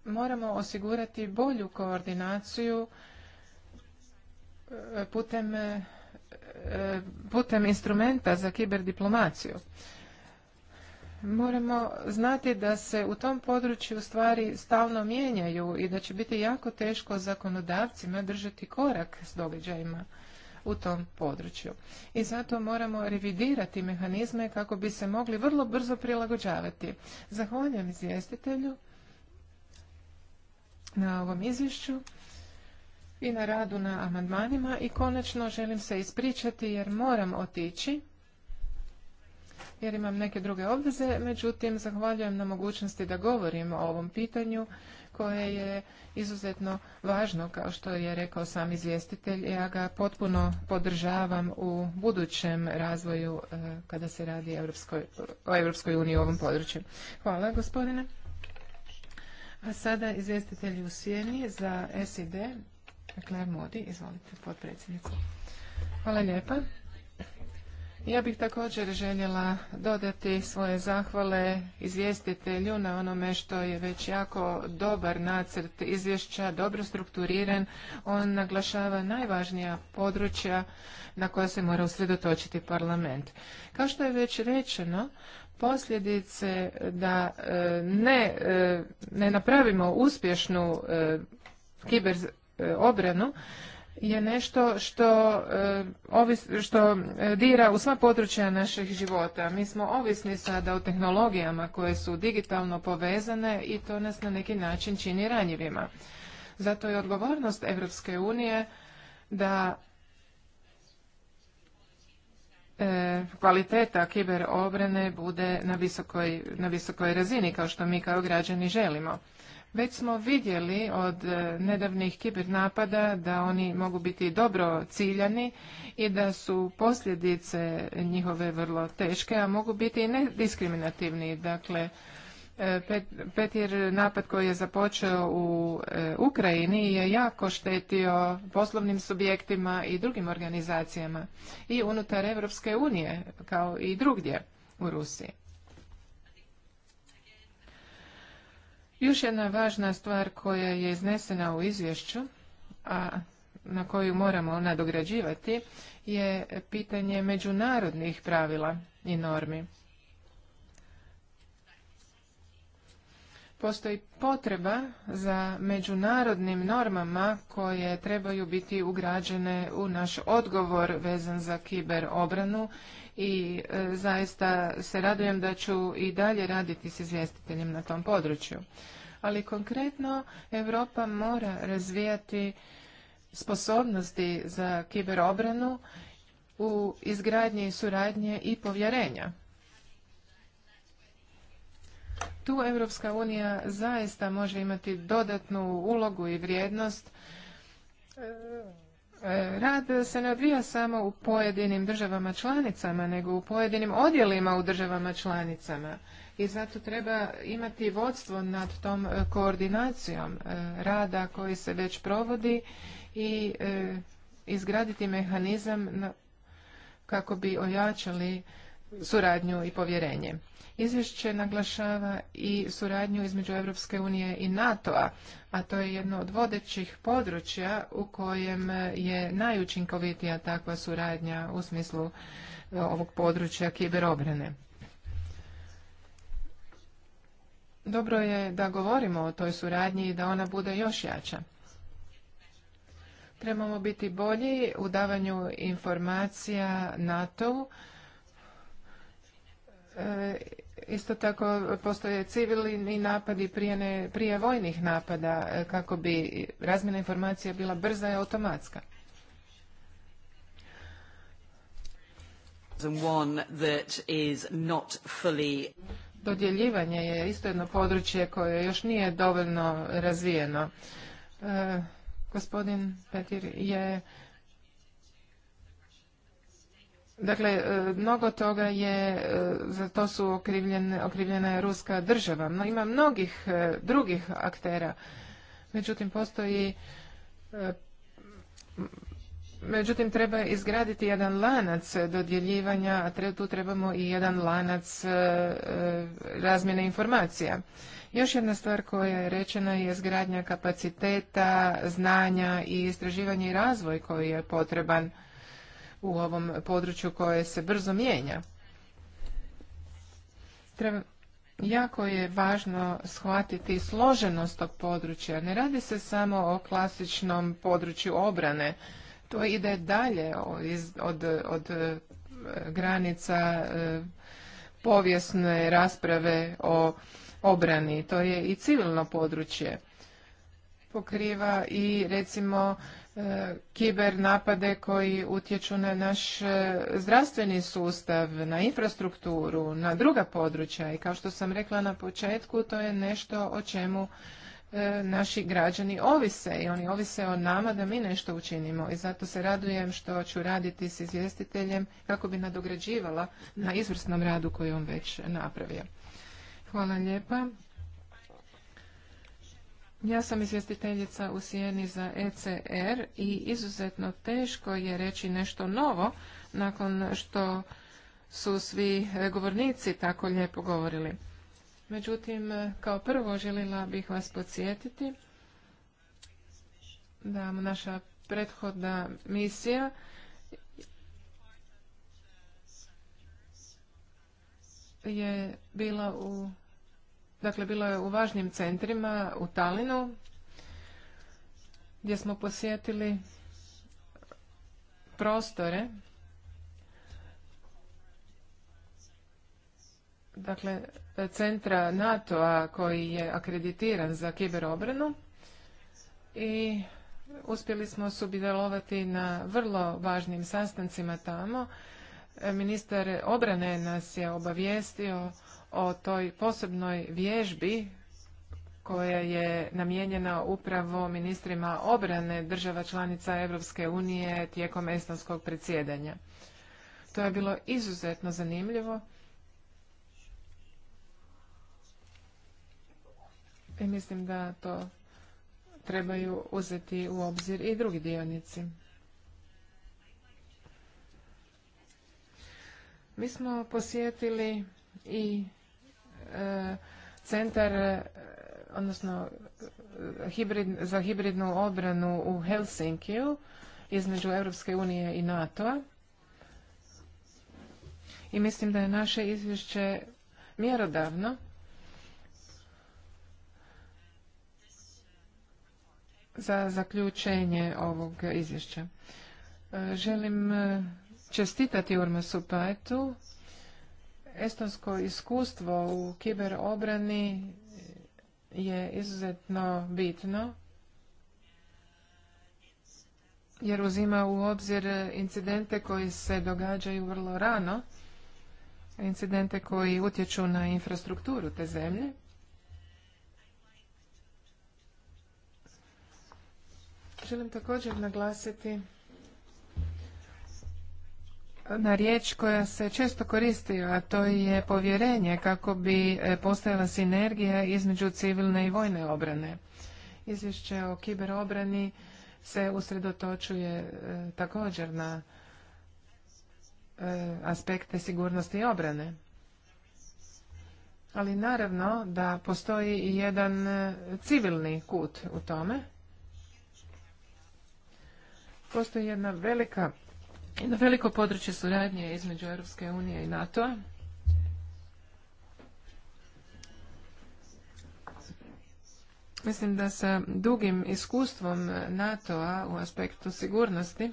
moramo osigurati bolju koordinaciju e, putem, e, putem instrumenta za kiberdiplomaciju. Moramo znati da se u tom području stvari stalno mijenjaju i da će biti jako teško zakonodavcima držati korak s događajima u tom području. I zato moramo revidirati mehanizme kako bi se mogli vrlo brzo prilagođavati. Zahvaljujem izvjestitelju na ovom izvješću i na radu na amandmanima i konačno želim se ispričati jer moram otići jer imam neke druge obveze, međutim zahvaljujem na mogućnosti da govorim o ovom pitanju koje je izuzetno važno kao što je rekao sam izvjestitelj. Ja ga potpuno podržavam u budućem razvoju eh, kada se radi o Europskoj uniji u ovom području. Hvala gospodine. A sada izvjestitelji u sjeni za SID, Claire Modi, izvolite, potpredsjednicu. Hvala lijepa. Ja bih također željela dodati svoje zahvale izvjestitelju na onome što je već jako dobar nacrt izvješća, dobro strukturiran. On naglašava najvažnija područja na koja se mora usredotočiti parlament. Kao što je već rečeno, posljedice da e, ne, e, ne napravimo uspješnu e, kiber obranu je nešto što, e, što e, dira u sva područja naših života. Mi smo ovisni sada o tehnologijama koje su digitalno povezane i to nas na neki način čini ranjivima. Zato je odgovornost Europske unije da e, kvaliteta kiber obrane bude na visokoj, na visokoj razini kao što mi kao građani želimo. Već smo vidjeli od e, nedavnih kibernapada da oni mogu biti dobro ciljani i da su posljedice njihove vrlo teške, a mogu biti i nediskriminativni. Dakle, e, petir napad koji je započeo u e, Ukrajini je jako štetio poslovnim subjektima i drugim organizacijama i unutar Europske unije kao i drugdje u Rusiji. Još jedna važna stvar koja je iznesena u izvješću, a na koju moramo nadograđivati, je pitanje međunarodnih pravila i normi. Postoji potreba za međunarodnim normama koje trebaju biti ugrađene u naš odgovor vezan za kiberobranu i e, zaista se radujem da ću i dalje raditi s izvjestiteljem na tom području. Ali konkretno Europa mora razvijati sposobnosti za kiberobranu u izgradnji suradnje i povjerenja. Tu Europska unija zaista može imati dodatnu ulogu i vrijednost e, E, rad se ne odvija samo u pojedinim državama članicama, nego u pojedinim odjelima u državama članicama. I zato treba imati vodstvo nad tom e, koordinacijom e, rada koji se već provodi i izgraditi mehanizam kako bi ojačali suradnju i povjerenje. Izvješće naglašava i suradnju između Europske unije i NATO-a, a to je jedno od vodećih područja u kojem je najučinkovitija takva suradnja u smislu e, ovog područja kiberobrane. Dobro je da govorimo o toj suradnji i da ona bude još jača. Trebamo biti bolji u davanju informacija NATO-u e, Isto tako postoje civilni napadi prije, prije vojnih napada e, kako bi razmjena informacija bila brza i automatska. Dodjeljivanje je isto jedno područje koje još nije dovoljno razvijeno. E, gospodin Petir je Dakle, e, mnogo toga je, e, za to su okrivljene, okrivljena je ruska država. No, ima mnogih e, drugih aktera. Međutim, postoji Međutim, treba izgraditi jedan lanac dodjeljivanja, a tu trebamo i jedan lanac razmjene informacija. Još jedna stvar koja je rečena je zgradnja kapaciteta, znanja i istraživanje i razvoj koji je potreban u ovom području koje se brzo mijenja. Treba, jako je važno shvatiti složenost tog područja. Ne radi se samo o klasičnom području obrane. To ide dalje od, od e, granica e, povijesne rasprave o obrani. To je i civilno područje. Pokriva i recimo E, kiber napade koji utječu na naš e, zdravstveni sustav, na infrastrukturu, na druga područja i kao što sam rekla na početku, to je nešto o čemu e, naši građani ovise i oni ovise o nama da mi nešto učinimo i zato se radujem što ću raditi s izvjestiteljem kako bi nadograđivala na izvrsnom radu koji on već napravio. Hvala lijepa. Ja sam izvjestiteljica u Sijeni za ECR i izuzetno teško je reći nešto novo nakon što su svi govornici tako lijepo govorili. Međutim, kao prvo želila bih vas podsjetiti da naša prethodna misija je bila u Dakle, bilo je u važnim centrima u Talinu gdje smo posjetili prostore dakle centra NATO-a koji je akreditiran za kiberobranu i uspjeli smo subjelovati na vrlo važnim sastancima tamo. Ministar obrane nas je obavijestio o toj posebnoj vježbi koja je namijenjena upravo ministrima obrane država članica Europske unije tijekom estonskog predsjedanja. To je bilo izuzetno zanimljivo. I mislim da to trebaju uzeti u obzir i drugi dionici. Mi smo posjetili i E, centar e, odnosno e, hibrid, za hibridnu obranu u Helsinkiju između Europske unije i NATO-a. I mislim da je naše izvješće mjerodavno. za zaključenje ovog izvješća. Želim čestitati Urmasu Pajtu estonsko iskustvo u kiberobrani je izuzetno bitno jer uzima u obzir incidente koji se događaju vrlo rano, incidente koji utječu na infrastrukturu te zemlje. Želim također naglasiti na riječ koja se često koristi, a to je povjerenje kako bi e, postojala sinergija između civilne i vojne obrane. Izvješće o kiberobrani se usredotočuje e, također na e, aspekte sigurnosti i obrane. Ali naravno da postoji i jedan civilni kut u tome. Postoji jedna velika jedno veliko područje suradnje između Europske unije i NATO-a. Mislim da sa dugim iskustvom NATO-a u aspektu sigurnosti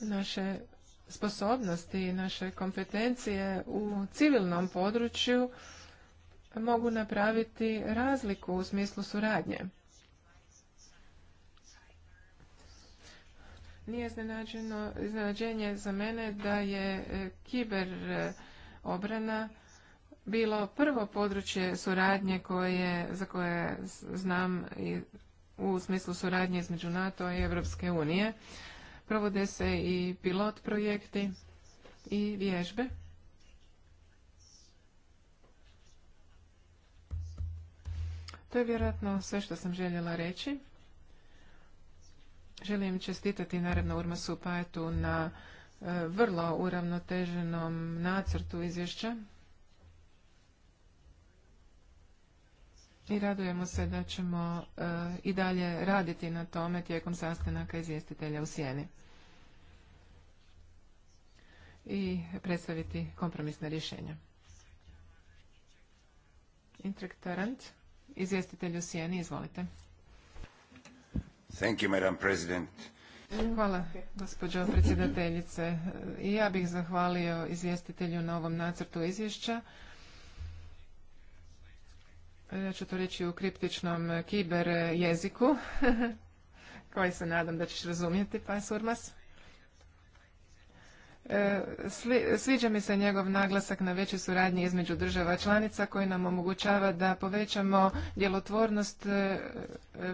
naše sposobnosti i naše kompetencije u civilnom području mogu napraviti razliku u smislu suradnje. Nije iznenađenje za mene da je e, kiber e, obrana bilo prvo područje suradnje koje, za koje znam u smislu suradnje između NATO i Europske unije. Provode se i pilot projekti i vježbe. To je vjerojatno sve što sam željela reći. Želim čestitati naravno Urmasu Pajetu na e, vrlo uravnoteženom nacrtu izvješća. I radujemo se da ćemo e, i dalje raditi na tome tijekom sastanaka izvjestitelja u sjeni i predstaviti kompromisne rješenja. Tarant, izvjestitelj u sjeni, izvolite. Hvala, gospođo predsjedateljice. I ja bih zahvalio izvjestitelju na ovom nacrtu izvješća. Ja ću to reći u kriptičnom kiber jeziku, koji se nadam da ćeš razumjeti, pa Surmas. E, sviđa mi se njegov naglasak na veće suradnje između država članica koji nam omogućava da povećamo djelotvornost e,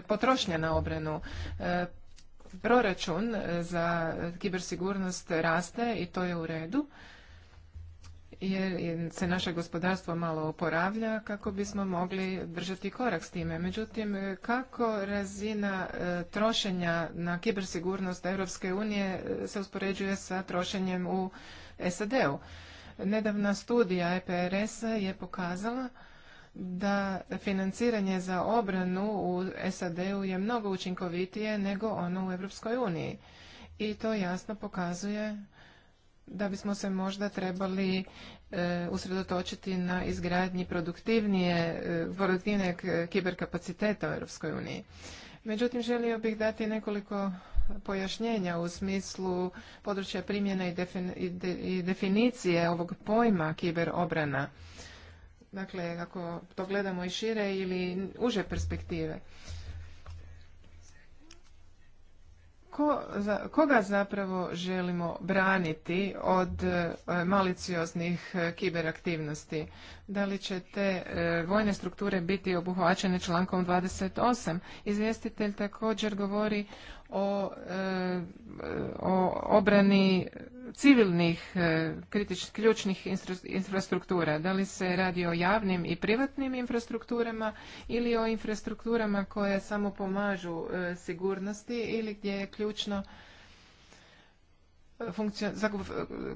potrošnje na obranu. E, proračun za kibersigurnost raste i to je u redu jer se naše gospodarstvo malo oporavlja kako bismo mogli držati korak s time. Međutim, kako razina e, trošenja na kibersigurnost Europske unije e, se uspoređuje sa trošenjem u SAD-u? Nedavna studija EPRS-a je pokazala da financiranje za obranu u SAD-u je mnogo učinkovitije nego ono u Europskoj uniji. I to jasno pokazuje da bismo se možda trebali e, usredotočiti na izgradnji produktivnije, e, produktivnijeg kiberkapaciteta u Europskoj uniji. Međutim, želio bih dati nekoliko pojašnjenja u smislu područja primjene i, i definicije ovog pojma kiberobrana. Dakle, ako to gledamo i šire ili uže perspektive. Ko, za, koga zapravo želimo braniti od e, malicioznih e, kiberaktivnosti? Da li će te e, vojne strukture biti obuhvaćene člankom 28? Izvjestitelj također govori o, e, o obrani civilnih e, ključnih infrastruktura. Da li se radi o javnim i privatnim infrastrukturama ili o infrastrukturama koje samo pomažu e, sigurnosti ili gdje je ključno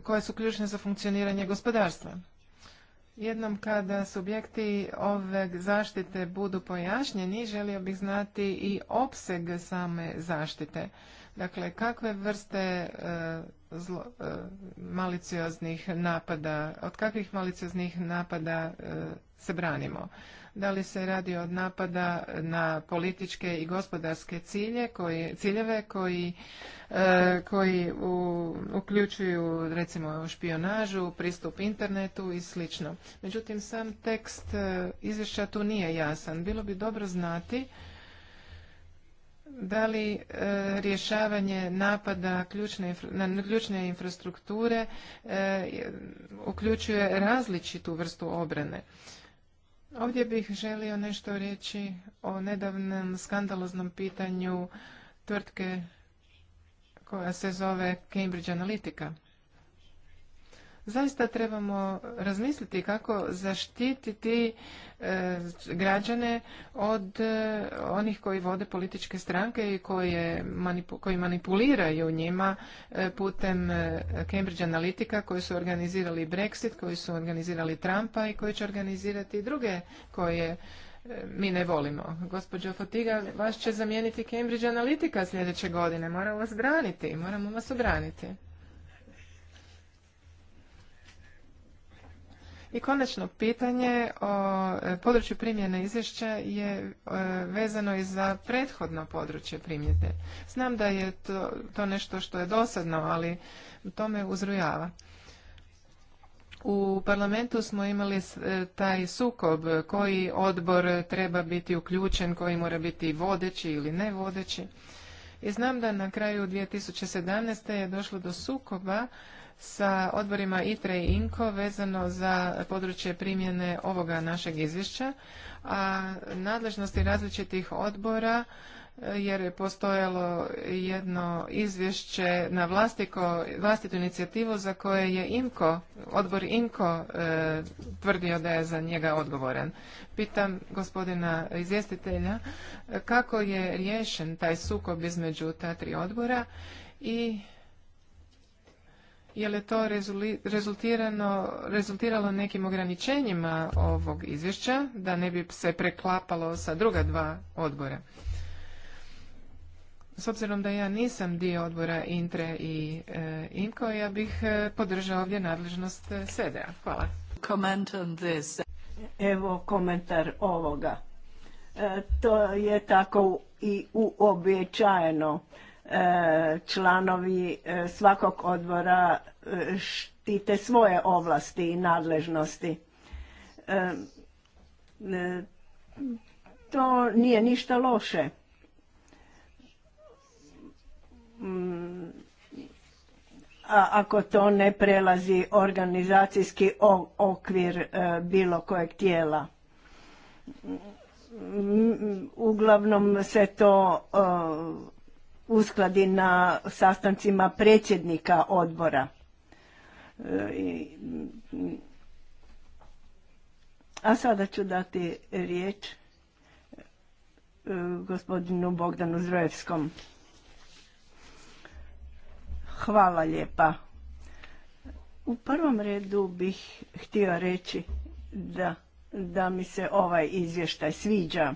koje su ključne za funkcioniranje gospodarstva. Jednom kada subjekti ove zaštite budu pojašnjeni, želio bih znati i opseg same zaštite. Dakle, kakve vrste e, e, malicioznih napada, od kakvih malicioznih napada e, se branimo? da li se radi od napada na političke i gospodarske cilje koji, ciljeve koji, e, uključuju recimo špionažu, pristup internetu i slično. Međutim, sam tekst e, izvješća tu nije jasan. Bilo bi dobro znati da li e, rješavanje napada ključne, na ključne infrastrukture uključuje različitu vrstu obrane Ovdje bih želio nešto reći o nedavnom skandaloznom pitanju tvrtke koja se zove Cambridge Analytica zaista trebamo razmisliti kako zaštititi e, građane od e, onih koji vode političke stranke i koje koji manipuliraju njima e, putem Cambridge Analytica koji su organizirali Brexit, koji su organizirali Trumpa i koji će organizirati druge koje mi ne volimo. Gospođo Fotiga, vas će zamijeniti Cambridge Analytica sljedeće godine. Moramo vas braniti, moramo vas obraniti. I konačno pitanje o e, području primjene izvješća je e, vezano i za prethodno područje primjene. Znam da je to, to nešto što je dosadno, ali to me uzrujava. U parlamentu smo imali e, taj sukob koji odbor treba biti uključen, koji mora biti vodeći ili ne vodeći. I znam da na kraju 2017. je došlo do sukoba sa odborima ITRE i INKO vezano za područje primjene ovoga našeg izvješća, a nadležnosti različitih odbora e, jer je postojalo jedno izvješće na vlastiko, vlastitu inicijativu za koje je IMKO, odbor INKO e, tvrdio da je za njega odgovoran. Pitam gospodina izvjestitelja e, kako je riješen taj sukob između ta tri odbora i je li to rezultirano, rezultiralo nekim ograničenjima ovog izvješća, da ne bi se preklapalo sa druga dva odbora? S obzirom da ja nisam dio odbora INTRE i e, INKO, ja bih e, podržao ovdje nadležnost e, SEDEA. Hvala. Evo komentar ovoga. to je tako i uobičajeno. E, članovi e, svakog odbora e, štite svoje ovlasti i nadležnosti. To nije ništa loše. Mm, a ako to ne prelazi organizacijski okvir bilo kojeg tijela. Mm, mm, uglavnom se to uskladi na sastancima predsjednika odbora. E, a sada ću dati riječ e, gospodinu Bogdanu Zrojevskom. Hvala lijepa. U prvom redu bih htio reći da mi se ovaj izvještaj sviđa.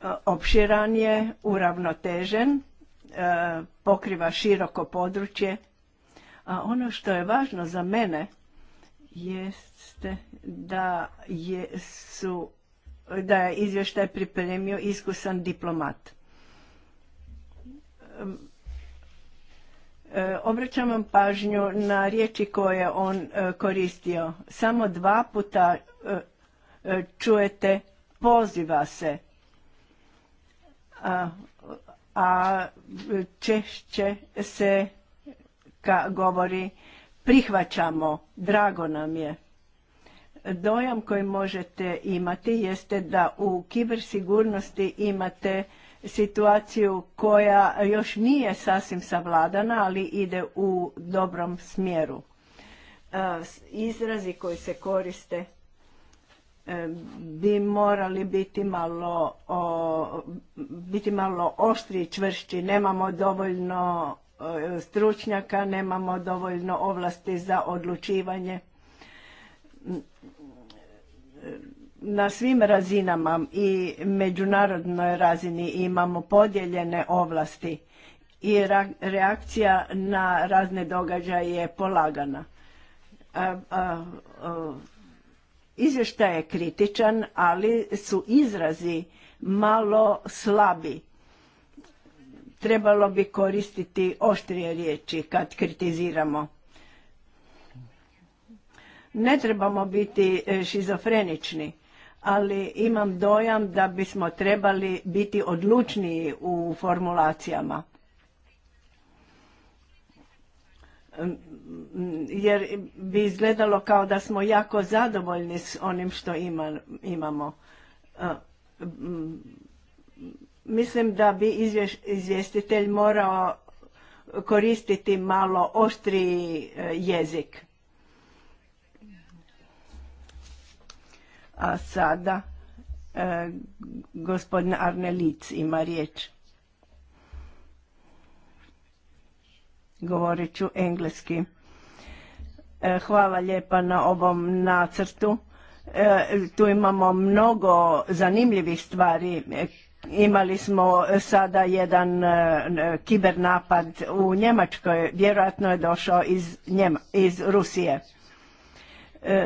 E, opširan je, uravnotežen, e, pokriva široko područje. A ono što je važno za mene jeste da je, su, da je izvještaj pripremio iskusan diplomat. E, obraćam vam pažnju na riječi koje on koristio. Samo dva puta čujete poziva se a, a češće se ka govori prihvaćamo, drago nam je. Dojam koji možete imati jeste da u kibersigurnosti imate situaciju koja još nije sasvim savladana, ali ide u dobrom smjeru. izrazi koji se koriste bi morali biti malo, biti malo oštri i čvršći. Nemamo dovoljno e, stručnjaka, nemamo dovoljno ovlasti za odlučivanje na svim razinama i međunarodnoj razini imamo podijeljene ovlasti i reakcija na razne događaje je polagana. Izvještaj je kritičan, ali su izrazi malo slabi. Trebalo bi koristiti oštrije riječi kad kritiziramo. Ne trebamo biti e, šizofrenični, ali imam dojam da bismo trebali biti odlučniji u formulacijama jer bi izgledalo kao da smo jako zadovoljni s onim što ima, imamo. Mislim da bi izvjestitelj morao koristiti malo oštriji e, jezik. A sada e, gospodin Arnelic ima riječ. Govorit ću engleski. E, hvala lijepa na ovom nacrtu. E, tu imamo mnogo zanimljivih stvari. E, imali smo sada jedan kibernapad u Njemačkoj, vjerojatno je došao iz, iz Rusije.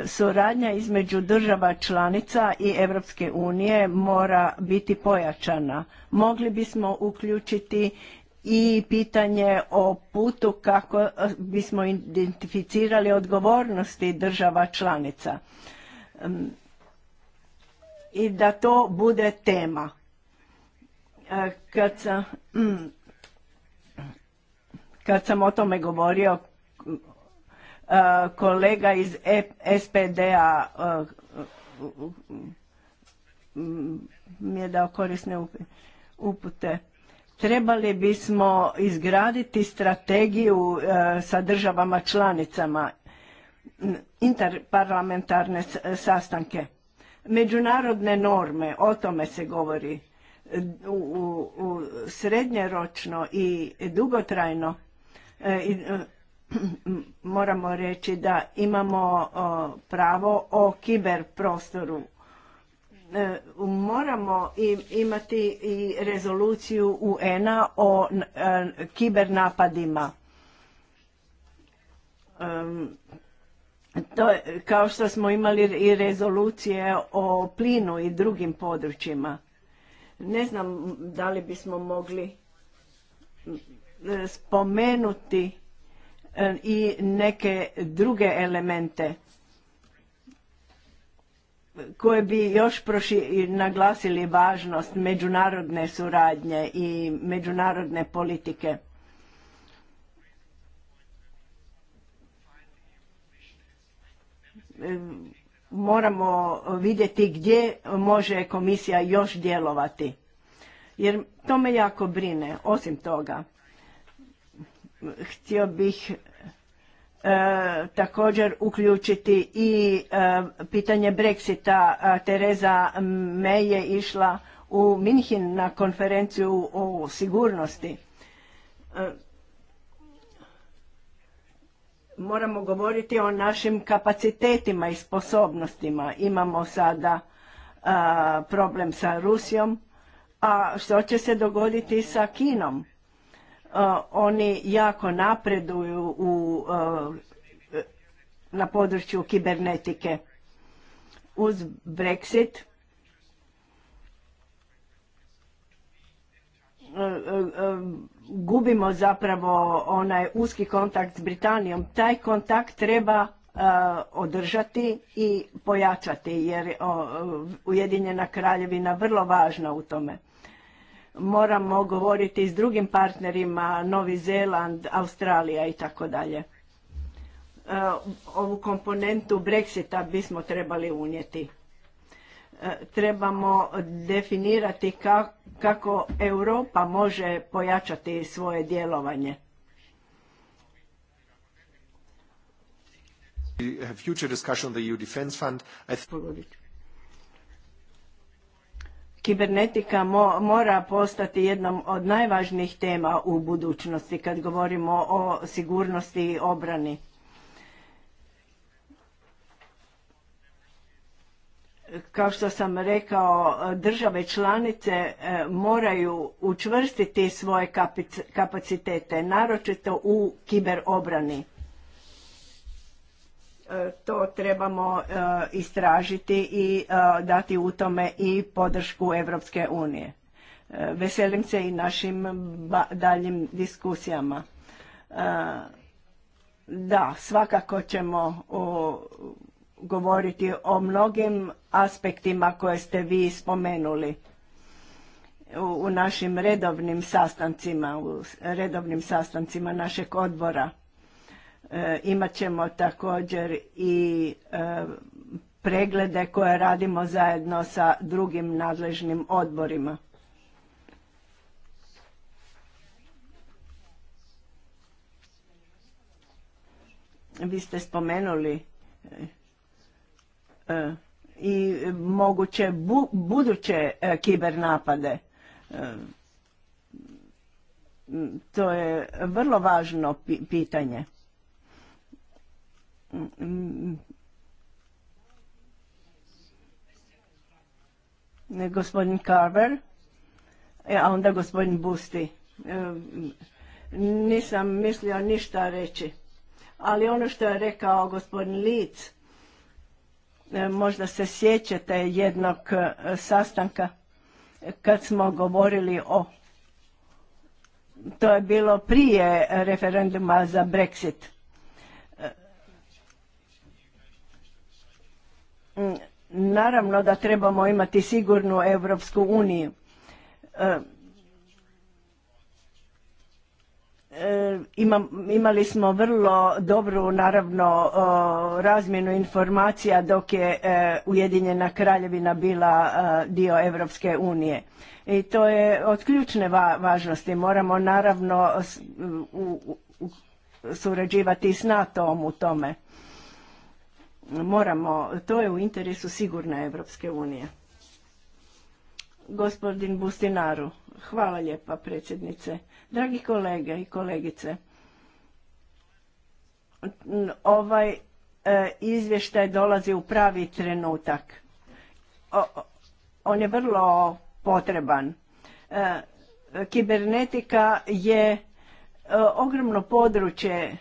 Suradnja između država članica i Europske unije mora biti pojačana. Mogli bismo uključiti i pitanje o putu kako eh, bismo identificirali odgovornosti država članica mm, i da to bude tema. Eh, mm, kad sam, o tome govorio, eh, kolega iz e-, SPD-a mm, mi je dao korisne upute. Trebali bismo izgraditi strategiju e, sa državama članicama, interparlamentarne sastanke. Međunarodne norme, o tome se govori. U, srednjeročno i dugotrajno e, e, moramo reći da imamo pravo o kiberprostoru E, moramo imati i rezoluciju UN-a o e, kibernapadima. To kao što smo imali i rezolucije o plinu i drugim područjima. Ne znam da li bismo mogli e, spomenuti i neke druge elemente koje bi još proši, naglasili važnost međunarodne suradnje i međunarodne politike. E, moramo vidjeti gdje može komisija još djelovati. Jer to me jako brine. Osim toga, htio bih E, također uključiti i e, pitanje Brexita. Tereza May je išla u Minhin na konferenciju o sigurnosti. E, moramo govoriti o našim kapacitetima i sposobnostima. Imamo sada e, problem sa Rusijom, a što će se dogoditi sa Kinom? Oni jako napreduju u, na području kibernetike. Uz Brexit gubimo zapravo onaj uski kontakt s Britanijom. Taj kontakt treba održati i pojačati jer Ujedinjena kraljevina vrlo važna u tome moramo govoriti s drugim partnerima, Novi Zeland, Australija i tako dalje. E, ovu komponentu Brexita bismo trebali unijeti. E, trebamo definirati kako Europa može pojačati svoje djelovanje. Kibernetika mora postati jednom od najvažnijih tema u budućnosti kad govorimo o sigurnosti i obrani. Kao što sam rekao, države članice e, moraju učvrstiti svoje kapacitete, naročito u kiberobrani. E, to trebamo e, istražiti i e, dati u tome i podršku Europske unije. Veselim se i našim daljim diskusijama. Da, svakako ćemo govoriti o mnogim aspektima koje ste vi spomenuli u našim redovnim sastancima, u redovnim sastancima našeg odbora E, imat ćemo također i e, preglede koje radimo zajedno sa drugim nadležnim odborima. Vi ste spomenuli e, i moguće buduće kibernapade. to je vrlo važno pitanje. Gospodin Carver, e, a onda gospodin Busti. E, nisam mislio ništa reći, ali ono što je rekao gospodin Lic, e, možda se sjećate jednog sastanka kad smo govorili o to je bilo prije referenduma za Brexit. Mm, naravno da trebamo imati sigurnu Europsku uniju. E, e, imali smo vrlo dobru naravno razmjenu informacija dok je e, Ujedinjena kraljevina bila dio Europske unije. I to je od ključne važnosti. Moramo naravno surađivati s NATO-om u tome moramo, to je u interesu sigurne Evropske unije. Gospodin Bustinaru, hvala lijepa predsjednice. Dragi kolege i kolegice, ovaj e, izvještaj dolazi u pravi trenutak. on je vrlo potreban. E, kibernetika je e, ogromno područje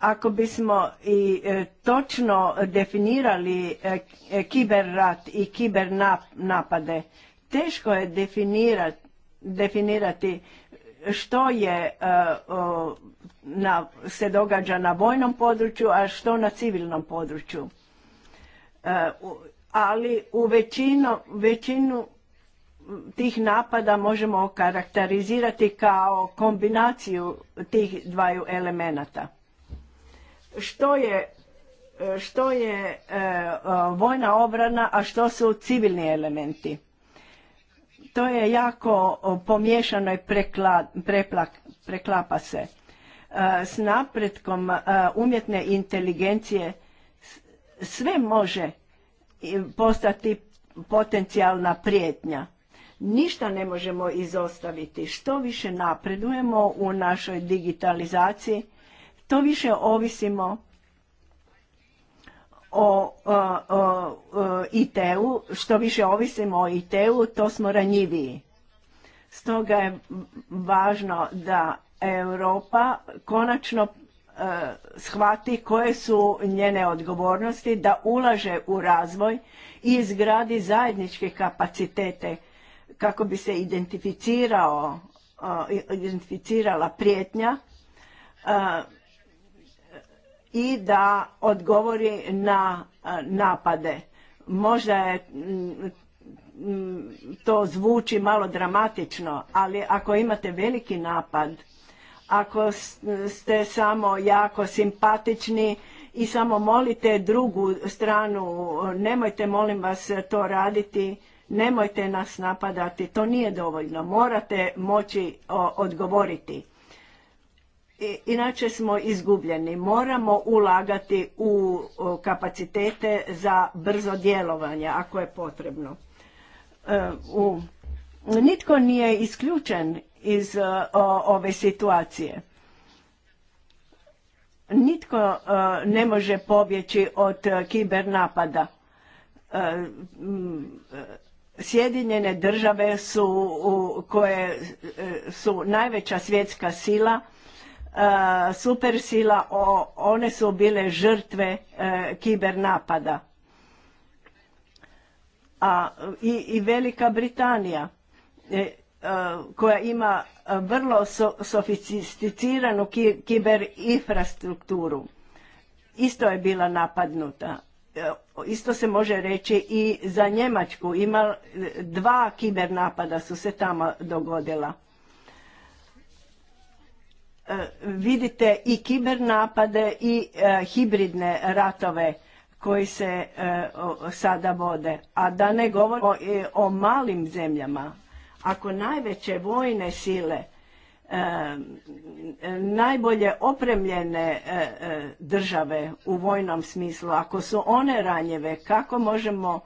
ako bismo i e, točno definirali e, e, kiber rat i kiber napade, teško je definirati, što je se događa na vojnom području, a što na civilnom području. Ali u većinu, većinu tih napada možemo karakterizirati kao kombinaciju tih dvaju elemenata što je e, što je e, e, vojna obrana, a što su civilni elementi. To je jako pomiješano i preklapa se. S napretkom umjetne inteligencije sve može postati potencijalna prijetnja. Ništa ne možemo izostaviti. Što više napredujemo u našoj digitalizaciji, to više ovisimo o, o, it što više ovisimo o IT-u, to smo ranjiviji. Stoga je važno da Europa konačno e, shvati koje su njene odgovornosti, da ulaže u razvoj i izgradi zajedničke kapacitete kako bi se identificirao, e, identificirala prijetnja e, i da odgovori na e, napade. Možda je mm, mm, to zvuči malo dramatično, ali ako imate veliki napad, ako ste samo jako simpatični i samo molite drugu stranu, nemojte molim vas to raditi, nemojte nas napadati, to nije dovoljno, morate moći odgovoriti inače smo izgubljeni. Moramo ulagati u kapacitete za brzo djelovanje ako je potrebno. E, nitko nije isključen iz e, ove situacije. Nitko e, ne može pobjeći od kibernapada. Sjedinjene države su koje su najveća svjetska sila supersila, one su bile žrtve e, kibernapada. A, i, i Velika Britanija e, koja ima vrlo sofisticiranu kiberinfrastrukturu kiber infrastrukturu isto je bila napadnuta. E, isto se može reći i za Njemačku. Ima dva kibernapada su se tamo dogodila vidite i napade i e, hibridne ratove koji se e, sada vode. A da ne govorimo o malim zemljama. Ako najveće vojne sile e, najbolje opremljene države u vojnom smislu, ako su one ranjive, kako možemo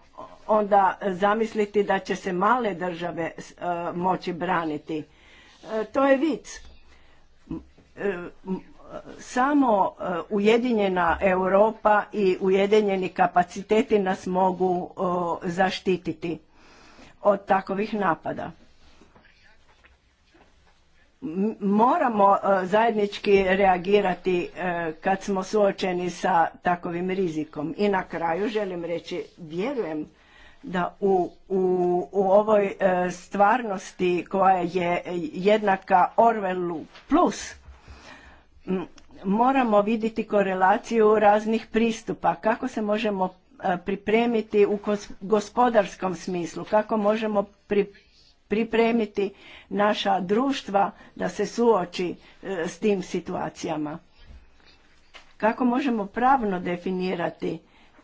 onda zamisliti da će se male države moći braniti? To je vic. E, samo e, ujedinjena Europa i ujedinjeni kapaciteti nas mogu zaštititi od takovih napada. Moramo e, zajednički reagirati kad smo suočeni sa takovim rizikom. I na kraju želim reći, vjerujem da u, u, u ovoj stvarnosti koja je jednaka Orwellu plus, moramo vidjeti korelaciju raznih pristupa, kako se možemo e, pripremiti u gospodarskom smislu, kako možemo pripremiti naša društva da se suoči e, s tim situacijama. Kako možemo pravno definirati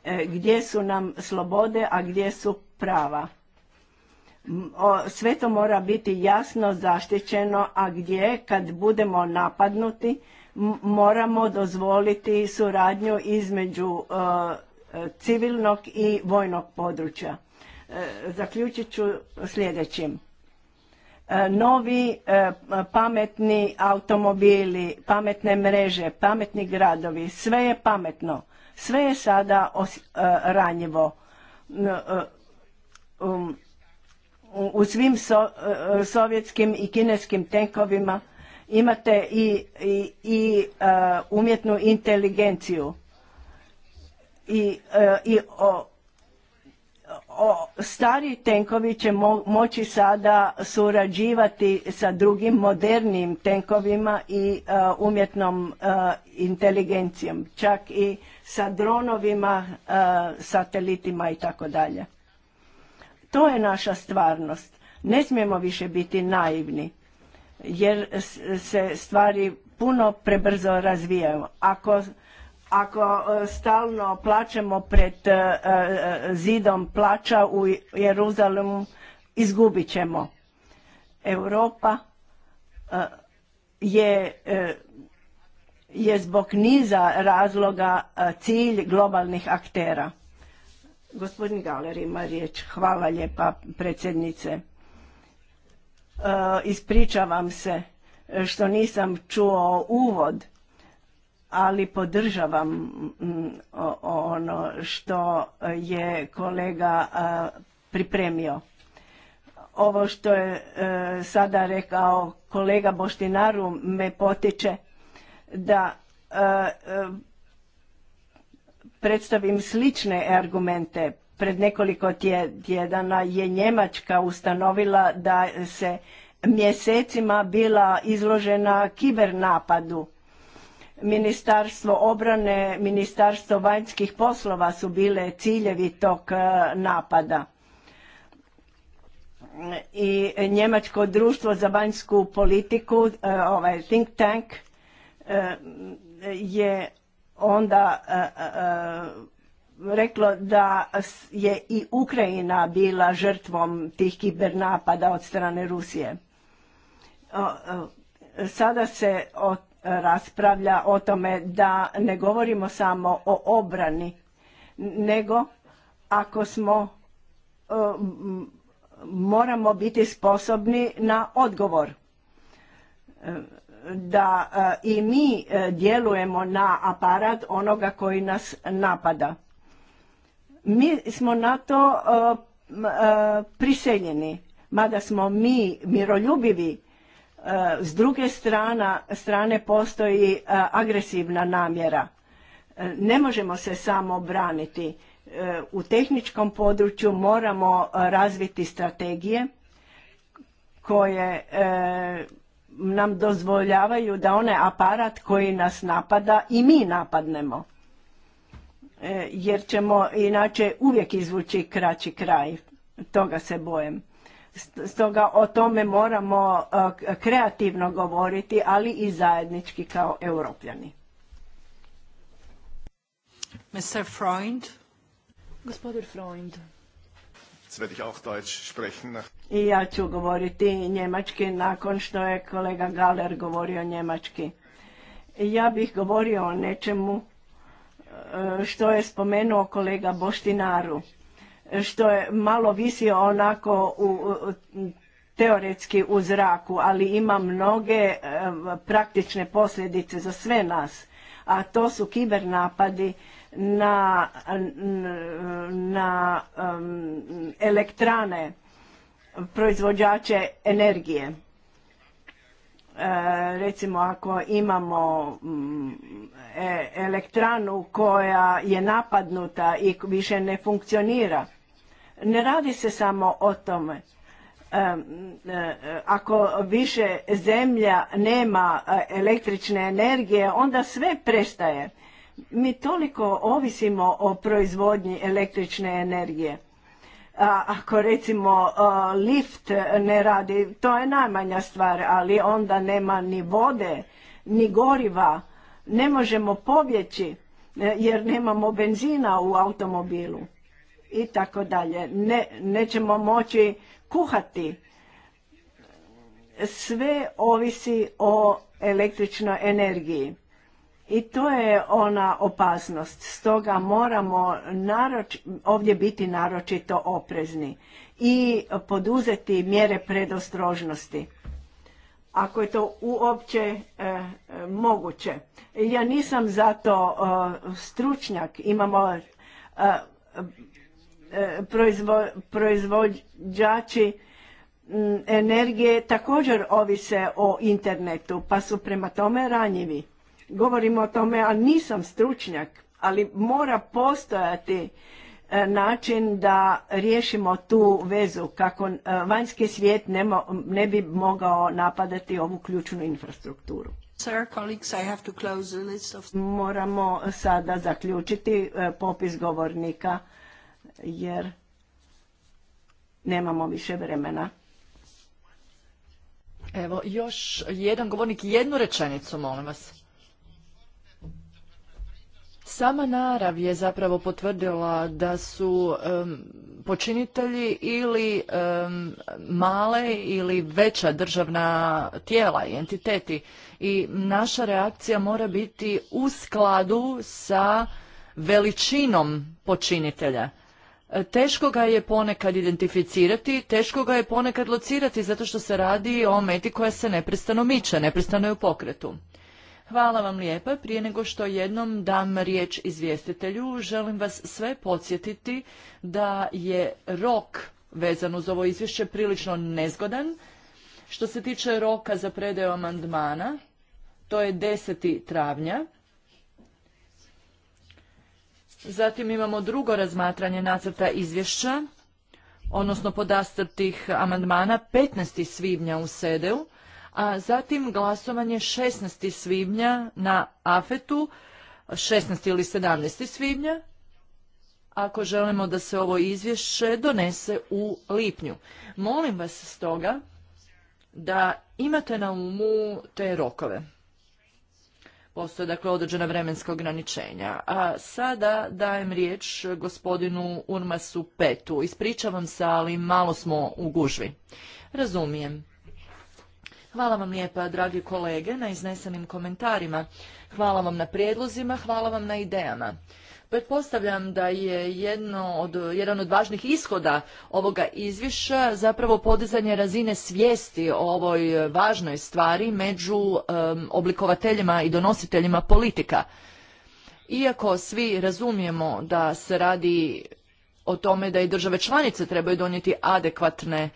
e, gdje su nam slobode, a gdje su prava. Sve to mora biti jasno zaštićeno, a gdje kad budemo napadnuti, moramo dozvoliti suradnju između uh, civilnog i vojnog područja. Uh, zaključit ću sljedećim. Uh, novi pametni automobili, pametne mreže, pametni gradovi, sve je pametno. Sve je sada ranjivo. Um, u svim sovjetskim i kineskim tenkovima Imate i, i, e, umjetnu inteligenciju i, e, i o, stari tenkovi će moći sada surađivati sa drugim modernim tenkovima i e, umjetnom inteligencijom, čak i sa dronovima, satelitima i tako dalje. To je naša stvarnost. Ne smijemo više biti naivni jer se stvari puno prebrzo razvijaju. Ako, ako e, stalno plaćemo pred e, e, zidom plaća u Jeruzalemu, izgubit ćemo. Europa je, je zbog niza razloga cilj globalnih aktera. Gospodin Galer ima riječ. Hvala lijepa predsjednice. Eh, ispričavam se eh, što nisam čuo uvod, ali podržavam mm, ono što je kolega eh, pripremio. Ovo što je sada rekao kolega Boštinaru me potiče da predstavim slične argumente Pred nekoliko tjedana je Njemačka ustanovila da se mjesecima bila izložena kibernapadu. Ministarstvo obrane, ministarstvo vanjskih poslova su bile ciljevi tog e, napada. I Njemačko društvo za vanjsku politiku, e, ovaj think tank, e, je onda reklo da je i Ukrajina bila žrtvom tih kibernapada od strane Rusije. Sada se raspravlja o tome da ne govorimo samo o obrani, nego ako smo moramo biti sposobni na odgovor da e, i mi e, djelujemo na aparat onoga koji nas napada mi smo na to e, e, priseljeni, mada smo mi miroljubivi, e, s druge strane, strane postoji agresivna namjera. Ne možemo se samo braniti. U tehničkom području moramo razviti strategije koje nam dozvoljavaju da onaj aparat koji nas napada i mi napadnemo. E, jer ćemo inače uvijek izvući kraći kraj. Toga se bojem. Stoga o tome moramo e, kreativno govoriti, ali i zajednički kao europljani. Mr. Freund. Gospodin Freund. I ja ću govoriti njemački nakon što je kolega Galer govorio njemački. Ja bih govorio o nečemu E, što je spomenuo kolega Boštinaru, što je malo visio onako u, teoretski u zraku, ali ima mnoge e, praktične posljedice za sve nas, a to su kibernapadi na, na elektrane proizvođače energije E, recimo ako imamo mm, e, elektranu koja je napadnuta i više ne funkcionira ne radi se samo o tome e, ako više zemlja nema električne energije onda sve prestaje mi toliko ovisimo o proizvodnji električne energije ako recimo lift ne radi, to je najmanja stvar, ali onda nema ni vode, ni goriva, ne možemo pobjeći e, jer nemamo benzina u automobilu i tako dalje. nećemo moći kuhati. Sve ovisi o električnoj energiji. I to je ona opasnost. Stoga moramo naroč, ovdje biti naročito oprezni i poduzeti mjere predostrožnosti. Ako je to uopće e, e, moguće. Ja nisam zato e, stručnjak. Imamo e, e proizvođači energije također ovise o internetu pa su prema tome ranjivi govorimo o tome, a nisam stručnjak, ali mora postojati e, način da riješimo tu vezu kako e, vanjski svijet ne, bi mogao napadati ovu ključnu infrastrukturu. Moramo sada zaključiti e, popis govornika jer nemamo više vremena. Evo, još jedan govornik, jednu rečenicu, molim vas. Sama narav je zapravo potvrdila da su počinitelji ili male ili veća državna tijela i entiteti i naša reakcija mora biti u skladu sa veličinom počinitelja. E, teško ga je ponekad identificirati, teško ga je ponekad locirati zato što se radi o meti koja se neprestano miče, neprestano je u pokretu. Hvala vam lijepa. Prije nego što jednom dam riječ izvjestitelju, želim vas sve podsjetiti da je rok vezan uz ovo izvješće prilično nezgodan. Što se tiče roka za predaju amandmana, to je 10. travnja. Zatim imamo drugo razmatranje nacrta izvješća, odnosno podastrtih amandmana 15. svibnja u sedeu a zatim glasovanje 16. svibnja na AFET-u, 16. ili 17. svibnja, ako želimo da se ovo izvješće donese u lipnju. Molim vas stoga da imate na umu te rokove. Postoje dakle određena vremenska ograničenja. A sada dajem riječ gospodinu Urmasu Petu. Ispričavam se, ali malo smo u gužvi. Razumijem. Hvala vam lijepa, dragi kolege, na iznesenim komentarima. Hvala vam na prijedlozima, hvala vam na idejama. Pretpostavljam da je jedno od, jedan od važnih ishoda ovoga izvješća zapravo podizanje razine svijesti o ovoj važnoj stvari među oblikovateljima i donositeljima politika. Iako svi razumijemo da se radi o tome da i države članice trebaju donijeti adekvatne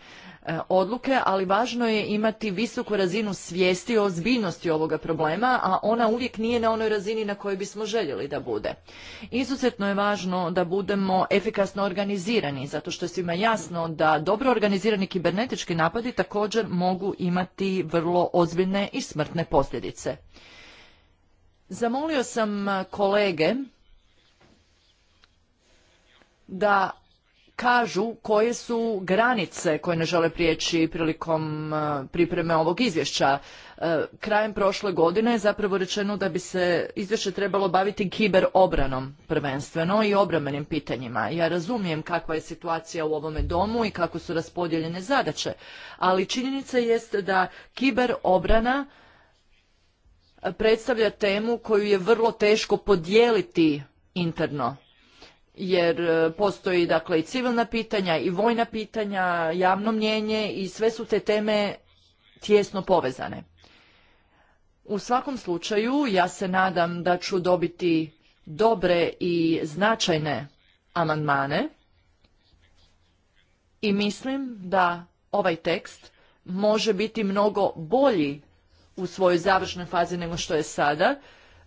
E, odluke, ali važno je imati visoku razinu svijesti o ozbiljnosti ovoga problema, a ona uvijek nije na onoj razini na kojoj bismo željeli da bude. Izuzetno je važno da budemo efikasno organizirani, zato što je svima jasno da dobro organizirani kibernetički napadi također mogu imati vrlo ozbiljne i smrtne posljedice. Zamolio sam kolege da kažu koje su granice koje ne žele prijeći prilikom e, pripreme ovog izvješća. E, krajem prošle godine je zapravo rečeno da bi se izvješće trebalo baviti kiber obranom prvenstveno i obrambenim pitanjima. Ja razumijem kakva je situacija u ovome domu i kako su raspodijeljene zadaće, ali činjenica jest da kiber obrana predstavlja temu koju je vrlo teško podijeliti interno jer e, postoji dakle i civilna pitanja i vojna pitanja, javno mnjenje i sve su te teme tjesno povezane. U svakom slučaju ja se nadam da ću dobiti dobre i značajne amandmane i mislim da ovaj tekst može biti mnogo bolji u svojoj završnoj fazi nego što je sada.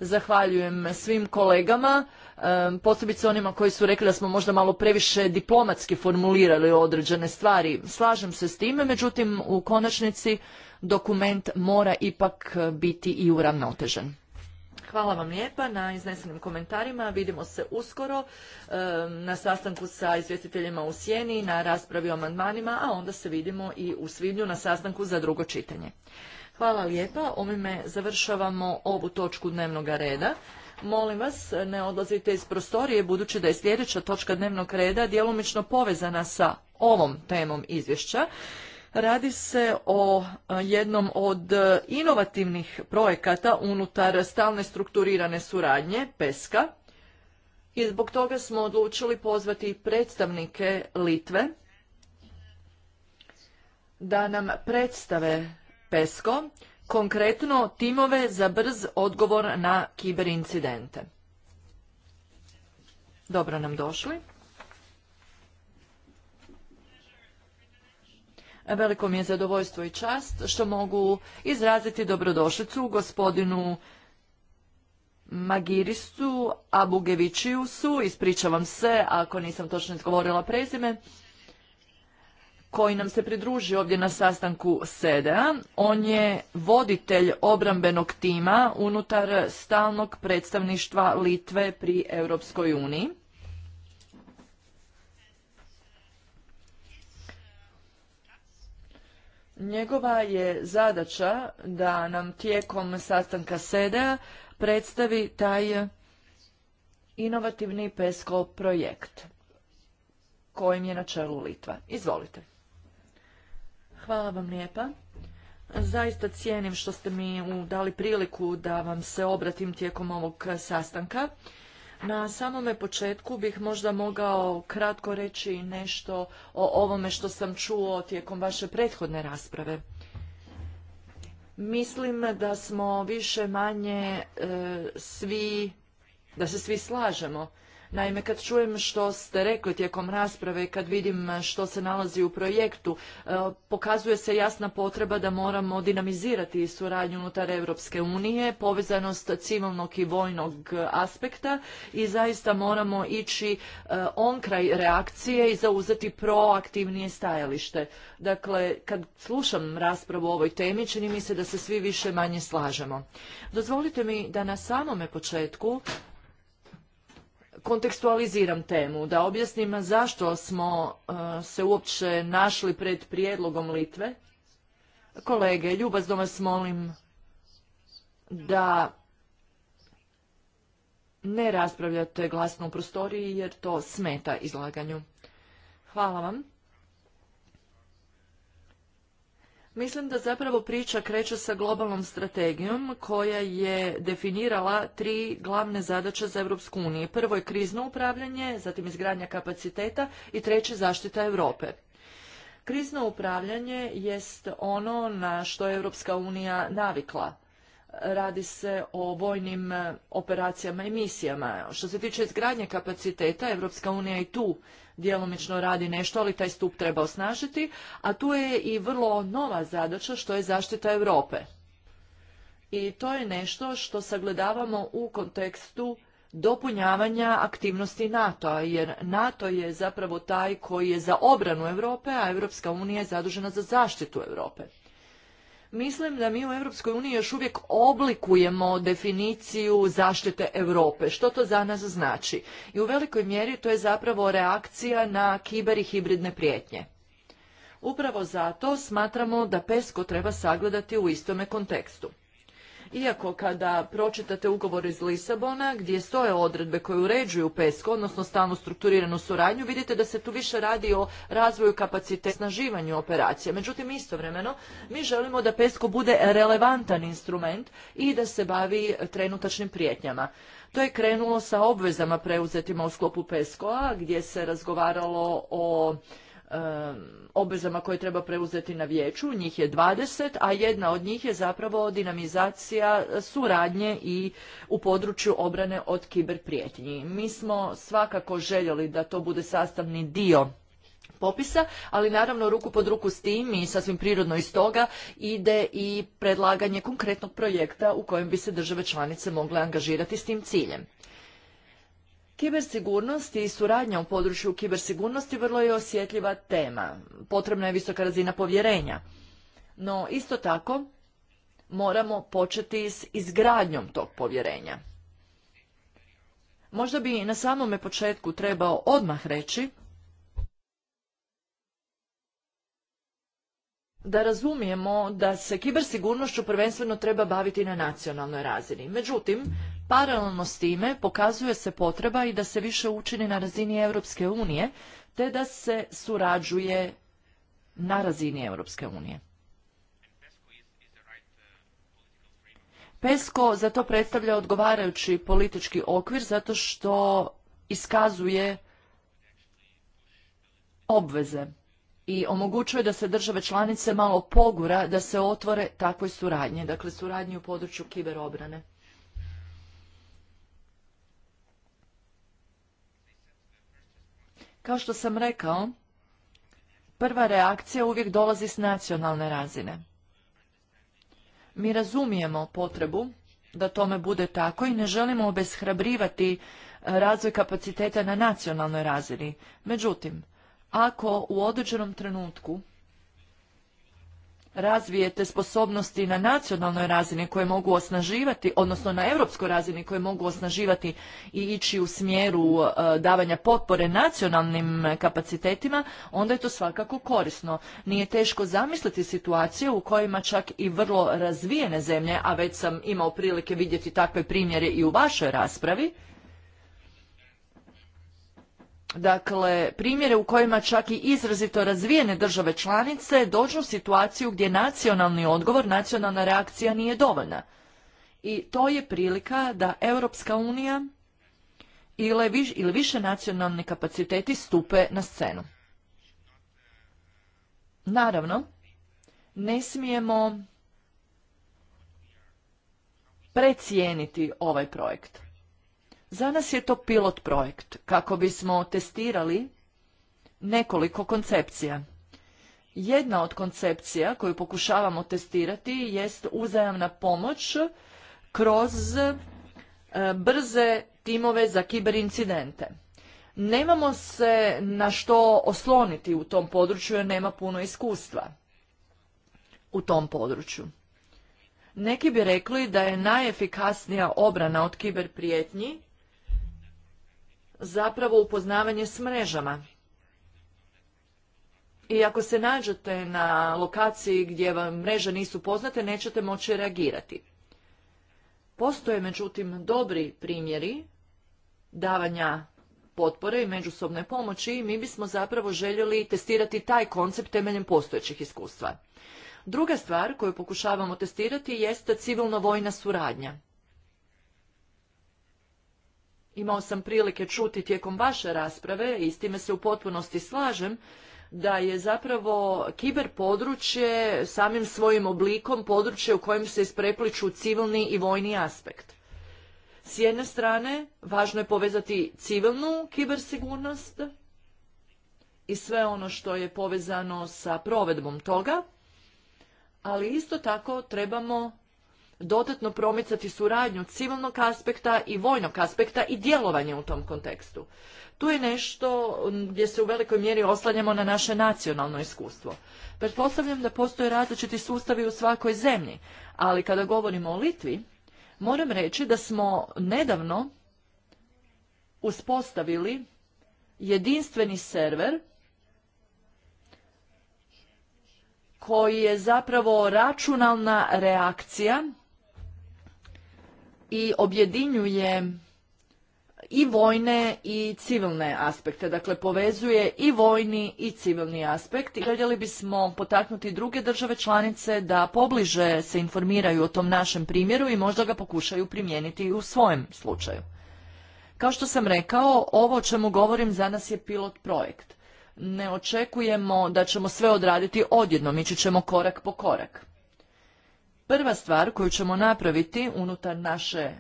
Zahvaljujem svim kolegama posebice onima koji su rekli da smo možda malo previše diplomatski formulirali određene stvari. Slažem se s time, međutim u konačnici dokument mora ipak e, biti i uravnotežen. Hvala vam lijepa na iznesenim komentarima. Vidimo se uskoro na sastanku sa izvjestiteljima u Sjeni, na raspravi o amandmanima, a onda se vidimo i u svibnju na sastanku za drugo čitanje. Hvala lijepa. Ovime završavamo ovu točku dnevnog reda. Molim vas, ne odlazite iz prostorije, budući da je sljedeća točka dnevnog reda djelomično povezana sa ovom temom izvješća. Radi se o e, jednom od e, inovativnih projekata unutar stalne strukturirane suradnje, PESKA, i zbog toga smo odlučili pozvati predstavnike Litve da nam predstave PESKO, konkretno timove za brz odgovor na kiberincidente. Dobro nam došli. Veliko mi je zadovoljstvo i čast što mogu izraziti dobrodošlicu gospodinu Magiristu Abugevičiusu, ispričavam se ako nisam točno izgovorila prezime, koji nam se pridruži ovdje na sastanku SEDA. On je voditelj obrambenog tima unutar stalnog predstavništva Litve pri Europskoj uniji. Njegova je zadaća da nam tijekom sastanka SEDA predstavi taj inovativni PESCO projekt kojim je na čelu Litva. Izvolite. Hvala vam lijepa. Zaista cijenim što ste mi dali priliku da vam se obratim tijekom ovog sastanka. Na samome početku bih možda mogao kratko reći nešto o ovome što sam čuo tijekom vaše prethodne rasprave. Mislim da smo više manje e, svi, da se svi slažemo Naime, kad čujem što ste rekli tijekom rasprave kad vidim što se nalazi u projektu, e, pokazuje se jasna potreba da moramo dinamizirati suradnju unutar Europske unije, povezanost civilnog i vojnog aspekta i zaista moramo ići e, on kraj reakcije i zauzeti proaktivnije stajalište. Dakle, kad slušam raspravu o ovoj temi, čini mi se da se svi više manje slažemo. Dozvolite mi da na samome početku kontekstualiziram temu, da objasnim zašto smo e, se uopće našli pred prijedlogom Litve. Kolege, ljubazno vas molim da ne raspravljate glasno u prostoriji jer to smeta izlaganju. Hvala vam. Mislim da zapravo priča kreće sa globalnom strategijom koja je definirala tri glavne zadaće za Europsku uniju. Prvo je krizno upravljanje, zatim izgradnja kapaciteta i treće zaštita Europe. Krizno upravljanje jest ono na što je Europska unija navikla radi se o vojnim e, operacijama i misijama. Što se tiče izgradnje kapaciteta, Evropska unija i tu djelomično radi nešto, ali taj stup treba osnažiti, a tu je i vrlo nova zadaća što je zaštita Europe. I to je nešto što sagledavamo u kontekstu dopunjavanja aktivnosti NATO-a, jer NATO je zapravo taj koji je za obranu Europe, a Europska unija je zadužena za zaštitu Europe. Mislim da mi u Europskoj još uvijek oblikujemo definiciju zaštite Europe. Što to za nas znači? I u velikoj mjeri to je zapravo reakcija na kiber i hibridne prijetnje. Upravo zato smatramo da PESCO treba sagledati u istome kontekstu. Iako kada pročitate ugovor iz Lisabona gdje stoje odredbe koje uređuju PESCO, odnosno stalno strukturiranu suradnju, vidite da se tu više radi o razvoju kapaciteta snaživanju operacije. Međutim, istovremeno mi želimo da PESCO bude relevantan instrument i da se bavi trenutačnim prijetnjama. To je krenulo sa obvezama preuzetima u sklopu PESCO-a gdje se razgovaralo o obvezama koje treba preuzeti na vijeću, njih je 20, a jedna od njih je zapravo dinamizacija suradnje i u području obrane od kiber prijetnji. Mi smo svakako željeli da to bude sastavni dio popisa, ali naravno ruku pod ruku s tim i sasvim prirodno iz toga ide i predlaganje konkretnog projekta u kojem bi se države članice mogle angažirati s tim ciljem. Kibersigurnost i suradnja u području kibersigurnosti vrlo je osjetljiva tema. Potrebna je visoka razina povjerenja. No isto tako moramo početi s izgradnjom tog povjerenja. Možda bi na samome početku trebao odmah reći da razumijemo da se kibersigurnošću prvenstveno treba baviti na nacionalnoj razini. Međutim, Paralelno s time pokazuje se potreba i da se više učini na razini Europske unije, te da se surađuje na razini Europske unije. PESCO za to predstavlja odgovarajući politički okvir zato što iskazuje obveze i omogućuje da se države članice malo pogura da se otvore takvoj suradnji, dakle suradnji u području kiberobrane. Kao što sam rekao, prva reakcija uvijek dolazi s nacionalne razine. Mi razumijemo potrebu da tome bude tako i ne želimo obeshrabrivati e, razvoj kapaciteta na nacionalnoj razini. Međutim, ako u određenom trenutku razvijete sposobnosti na nacionalnoj razini koje mogu osnaživati, odnosno na europskoj razini koje mogu osnaživati i ići u smjeru e, davanja potpore nacionalnim kapacitetima, onda je to svakako korisno. Nije teško zamisliti situacije u kojima čak i vrlo razvijene zemlje, a već sam imao prilike vidjeti takve primjere i u vašoj raspravi, dakle primjere u kojima čak i izrazito razvijene države članice dođu u situaciju gdje nacionalni odgovor, nacionalna reakcija nije dovoljna. I to je prilika da Europska unija ili više nacionalni kapaciteti stupe na scenu. Naravno, ne smijemo precijeniti ovaj projekt. Za nas je to pilot projekt kako bismo testirali nekoliko koncepcija. Jedna od koncepcija koju pokušavamo testirati jest uzajamna pomoć kroz e, brze timove za kiberincidente. Nemamo se na što osloniti u tom području jer nema puno iskustva u tom području. Neki bi rekli da je najefikasnija obrana od kiberprijetnji zapravo upoznavanje s mrežama. I ako se nađete na lokaciji gdje vam mreže nisu poznate, nećete moći reagirati. Postoje međutim dobri primjeri davanja potpore i međusobne pomoći i mi bismo zapravo željeli testirati taj koncept temeljem postojećih iskustva. Druga stvar koju pokušavamo testirati jeste civilno-vojna suradnja imao sam prilike čuti tijekom vaše rasprave i s time se u potpunosti slažem, da je zapravo kiber područje samim svojim oblikom područje u kojem se isprepliču civilni i vojni aspekt. S jedne strane, važno je povezati civilnu kibersigurnost i sve ono što je povezano sa provedbom toga, ali isto tako trebamo dodatno promicati suradnju civilnog aspekta i vojnog aspekta i djelovanje u tom kontekstu. Tu je nešto gdje se u velikoj mjeri oslanjamo na naše nacionalno iskustvo. Pretpostavljam da postoje različiti sustavi u svakoj zemlji, ali kada govorimo o Litvi, moram reći da smo nedavno uspostavili jedinstveni server koji je zapravo računalna reakcija i objedinjuje i vojne i civilne aspekte, dakle povezuje i vojni i civilni aspekt i željeli bismo potaknuti druge države članice da pobliže se informiraju o tom našem primjeru i možda ga pokušaju primijeniti i u svojem slučaju. Kao što sam rekao, ovo o čemu govorim za nas je pilot projekt. Ne očekujemo da ćemo sve odraditi odjednom, ići ćemo korak po korak. Prva stvar koju ćemo napraviti unutar naše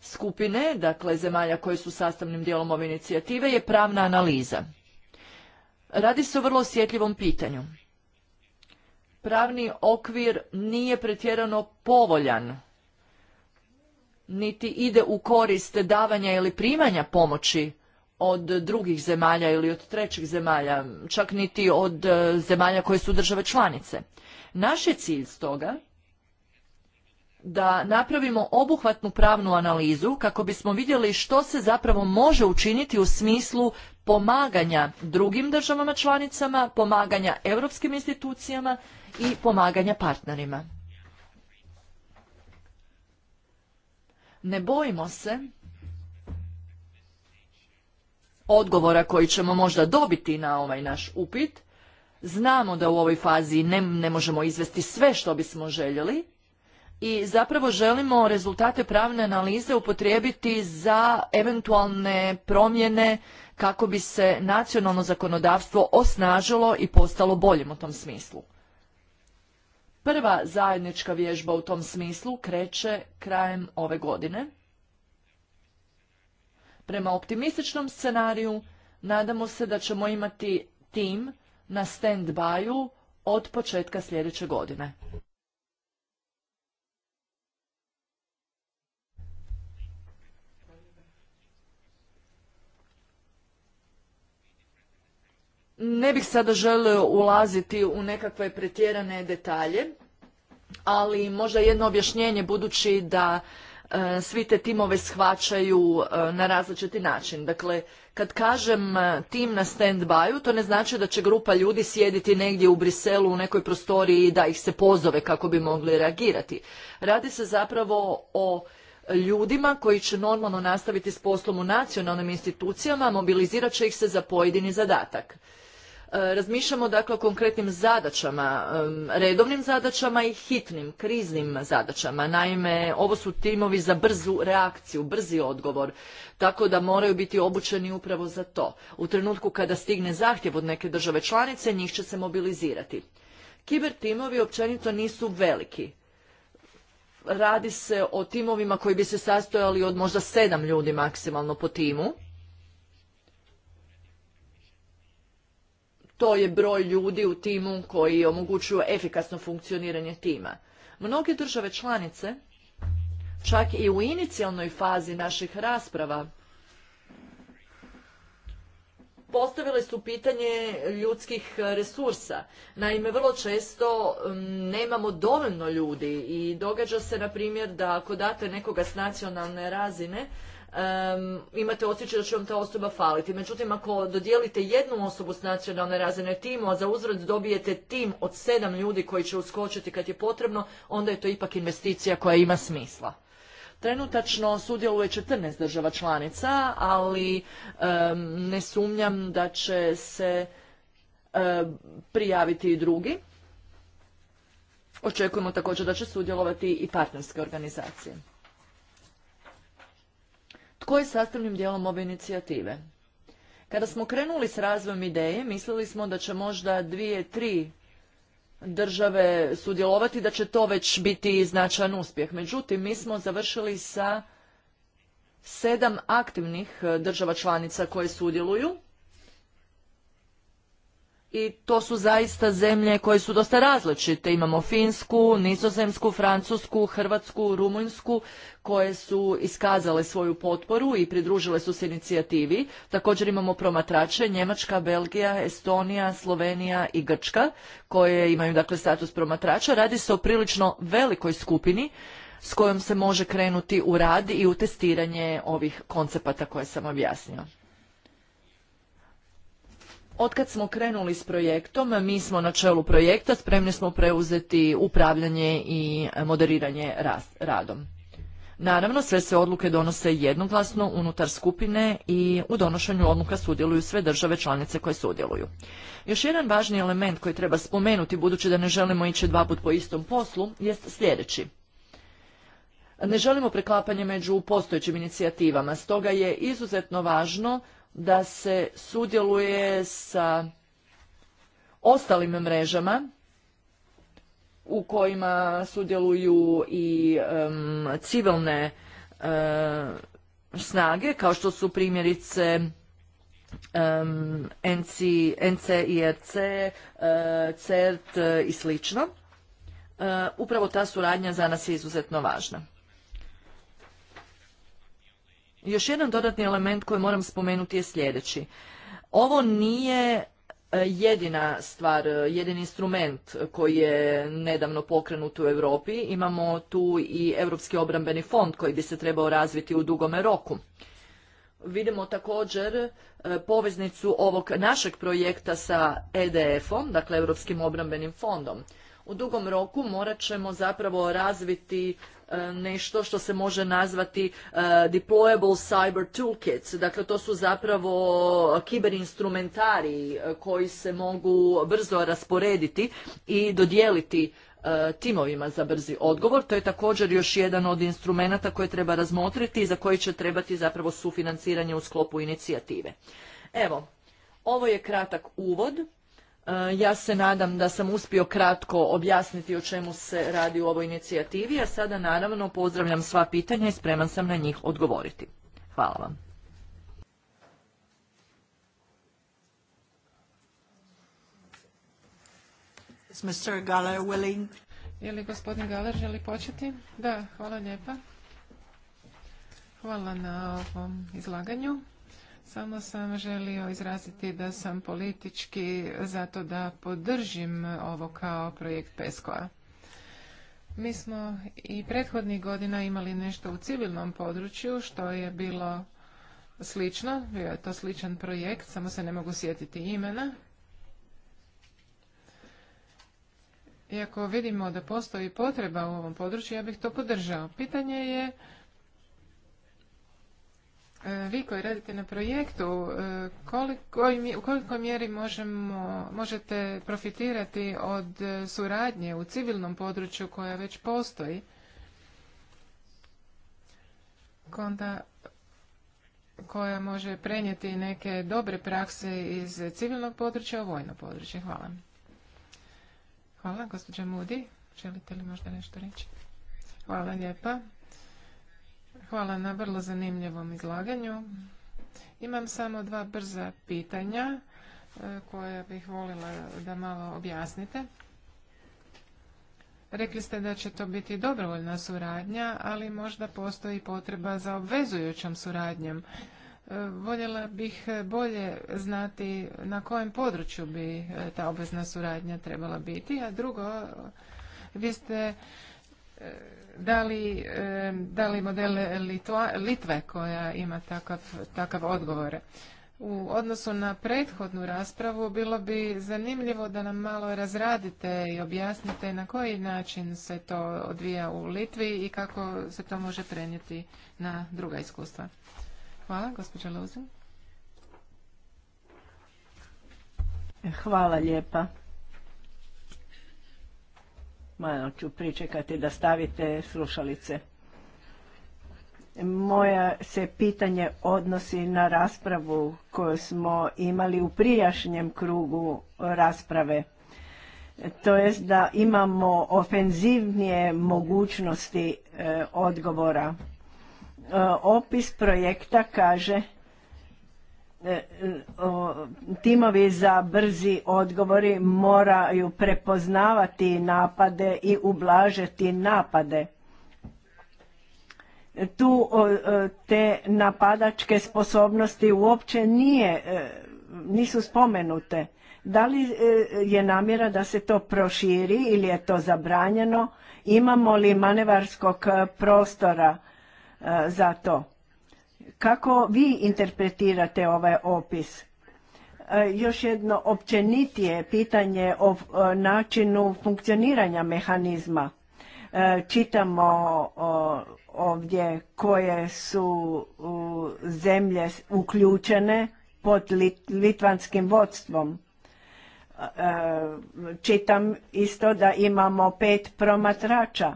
skupine, dakle zemalja koje su sastavnim dijelom ove inicijative, je pravna analiza. Radi se o vrlo osjetljivom pitanju. Pravni okvir nije pretjerano povoljan, niti ide u korist davanja ili primanja pomoći od drugih zemalja ili od trećih zemalja, čak niti od e, zemalja koje su države članice. Naš je cilj stoga da napravimo obuhvatnu pravnu analizu kako bismo vidjeli što se zapravo može učiniti u smislu pomaganja drugim državama članicama, pomaganja europskim institucijama i pomaganja partnerima. Ne bojimo se odgovora koji ćemo možda dobiti na ovaj naš upit. Znamo da u ovoj fazi ne, ne možemo izvesti sve što bismo željeli i zapravo želimo rezultate pravne analize upotrijebiti za eventualne promjene kako bi se nacionalno zakonodavstvo osnažilo i postalo boljim u tom smislu. Prva zajednička vježba u tom smislu kreće krajem ove godine Prema optimističnom scenariju nadamo se da ćemo imati tim na stand u od početka sljedeće godine. Ne bih sada želio ulaziti u nekakve pretjerane detalje, ali možda jedno objašnjenje budući da E, svi te timove shvaćaju e, na različiti način. Dakle, kad kažem e, tim na stand-by, to ne znači da će grupa ljudi sjediti negdje u Briselu u nekoj prostoriji da ih se pozove kako bi mogli reagirati. Radi se zapravo o ljudima koji će normalno nastaviti s poslom u nacionalnim institucijama, mobilizirat će ih se za pojedini zadatak. E, razmišljamo dakle o konkretnim zadaćama, redovnim zadaćama i hitnim, kriznim zadaćama. Naime, ovo su timovi za brzu reakciju, brzi odgovor, tako da moraju biti obučeni upravo za to. U trenutku kada stigne zahtjev od neke države članice, njih će se mobilizirati. Kiber timovi općenito nisu veliki. Radi se o timovima koji bi se sastojali od možda sedam ljudi maksimalno po timu to je broj ljudi u timu koji omogućuju efikasno funkcioniranje tima. Mnoge države članice, čak i u inicijalnoj fazi naših rasprava, postavile su pitanje ljudskih resursa. Naime, vrlo često nemamo dovoljno ljudi i događa se, na primjer, da ako date nekoga s nacionalne razine, um, imate osjećaj da će vam ta osoba faliti. Međutim, ako dodijelite jednu osobu s nacionalne razine timu, a za uzvrat dobijete tim od sedam ljudi koji će uskočiti kad je potrebno, onda je to ipak investicija koja ima smisla. Trenutačno sudjeluje 14 država članica, ali ne sumnjam da će se e, prijaviti i drugi. Očekujemo također da će sudjelovati i partnerske organizacije tko je sastavnim dijelom ove inicijative. Kada smo krenuli s razvojem ideje, mislili smo da će možda dvije, tri države sudjelovati, da će to već biti značajan uspjeh. Međutim, mi smo završili sa sedam aktivnih e, država članica koje sudjeluju i to su zaista zemlje koje su dosta različite. Imamo Finsku, Nizozemsku, Francusku, Hrvatsku, Rumunjsku koje su iskazale svoju potporu i pridružile su se inicijativi. Također imamo promatrače Njemačka, Belgija, Estonija, Slovenija i Grčka koje imaju dakle status promatrača. Radi se o prilično velikoj skupini s kojom se može krenuti u rad i u testiranje ovih koncepata koje sam objasnio. Otkad smo krenuli s projektom, mi smo na čelu projekta, spremni smo preuzeti upravljanje i moderiranje radom. Naravno, sve se odluke donose jednoglasno unutar skupine i u donošenju odluka sudjeluju sve države članice koje sudjeluju. Još jedan važni element koji treba spomenuti, budući da ne želimo ići dva put po istom poslu, jest sljedeći. Ne želimo preklapanje među postojećim inicijativama, stoga je izuzetno važno da se sudjeluje sa ostalim mrežama u kojima sudjeluju i civilne eh, snage kao što su primjerice NC, NCIRC, eh, CERT eh, i slično. upravo ta suradnja za nas je izuzetno važna. Još jedan dodatni element koji moram spomenuti je sljedeći. Ovo nije e, jedina stvar, e, jedini instrument koji je nedavno pokrenut u Europi. Imamo tu i Europski obrambeni fond koji bi se trebao razviti u dugome roku. Vidimo također e, poveznicu ovog našeg projekta sa EDF-om, dakle Europskim obrambenim fondom u dugom roku morat ćemo zapravo razviti e, nešto što se može nazvati e, deployable cyber toolkits. Dakle, to su zapravo kiberinstrumentari e, koji se mogu brzo rasporediti i dodijeliti timovima za brzi odgovor. To je također još jedan od instrumenata koje treba razmotriti i za koji će trebati zapravo sufinanciranje u sklopu inicijative. Evo, ovo je kratak uvod. E, ja se nadam da sam uspio kratko objasniti o čemu se radi u ovoj inicijativi, a sada naravno pozdravljam sva pitanja i spreman sam na njih odgovoriti. Hvala vam. Je li gospodin Galer želi početi? Da, hvala lijepa. Hvala na ovom izlaganju. Samo sam želio izraziti da sam politički zato da podržim ovo kao projekt pesco Mi smo i prethodnih godina imali nešto u civilnom području što je bilo slično, bio je to sličan projekt, samo se ne mogu sjetiti imena. Iako vidimo da postoji potreba u ovom području, ja bih to podržao. Pitanje je E, vi koji radite na projektu, e, u kolikoj mjeri možemo, možete profitirati od e, suradnje u civilnom području koja već postoji? koja može prenijeti neke dobre prakse iz civilnog područja u vojno područje. Hvala. Hvala, gospođa Mudi. Želite li možda nešto reći? Hvala lijepa. Hvala na vrlo zanimljivom izlaganju. Imam samo dva brza pitanja e, koja bih volila da malo objasnite. Rekli ste da će to biti dobrovoljna suradnja, ali možda postoji potreba za obvezujućom suradnjom. E, voljela bih bolje znati na kojem području bi e, ta obvezna suradnja trebala biti. A drugo, vi ste da li, da li model Litva, Litve koja ima takav, takav odgovore. U odnosu na prethodnu raspravu bilo bi zanimljivo da nam malo razradite i objasnite na koji način se to odvija u Litvi i kako se to može prenijeti na druga iskustva. Hvala, gospođa Luzin. Hvala lijepa. Malo ću pričekati da stavite slušalice. moje se pitanje odnosi na raspravu koju smo imali u prijašnjem krugu rasprave. To jest da imamo ofenzivnije mogućnosti e, odgovora. E, opis projekta kaže E, timovi za brzi odgovori moraju prepoznavati napade i ublažiti napade. Tu e, te napadačke sposobnosti uopće nije, e, nisu spomenute. Da li je namjera da se to proširi ili je to zabranjeno? Imamo li manevarskog prostora za to? Kako vi interpretirate ovaj opis? E, još jedno općenitije pitanje o e, načinu funkcioniranja mehanizma. E, čitamo ovdje koje su zemlje uključene pod litvanskim vodstvom. Čitam isto da imamo pet promatrača.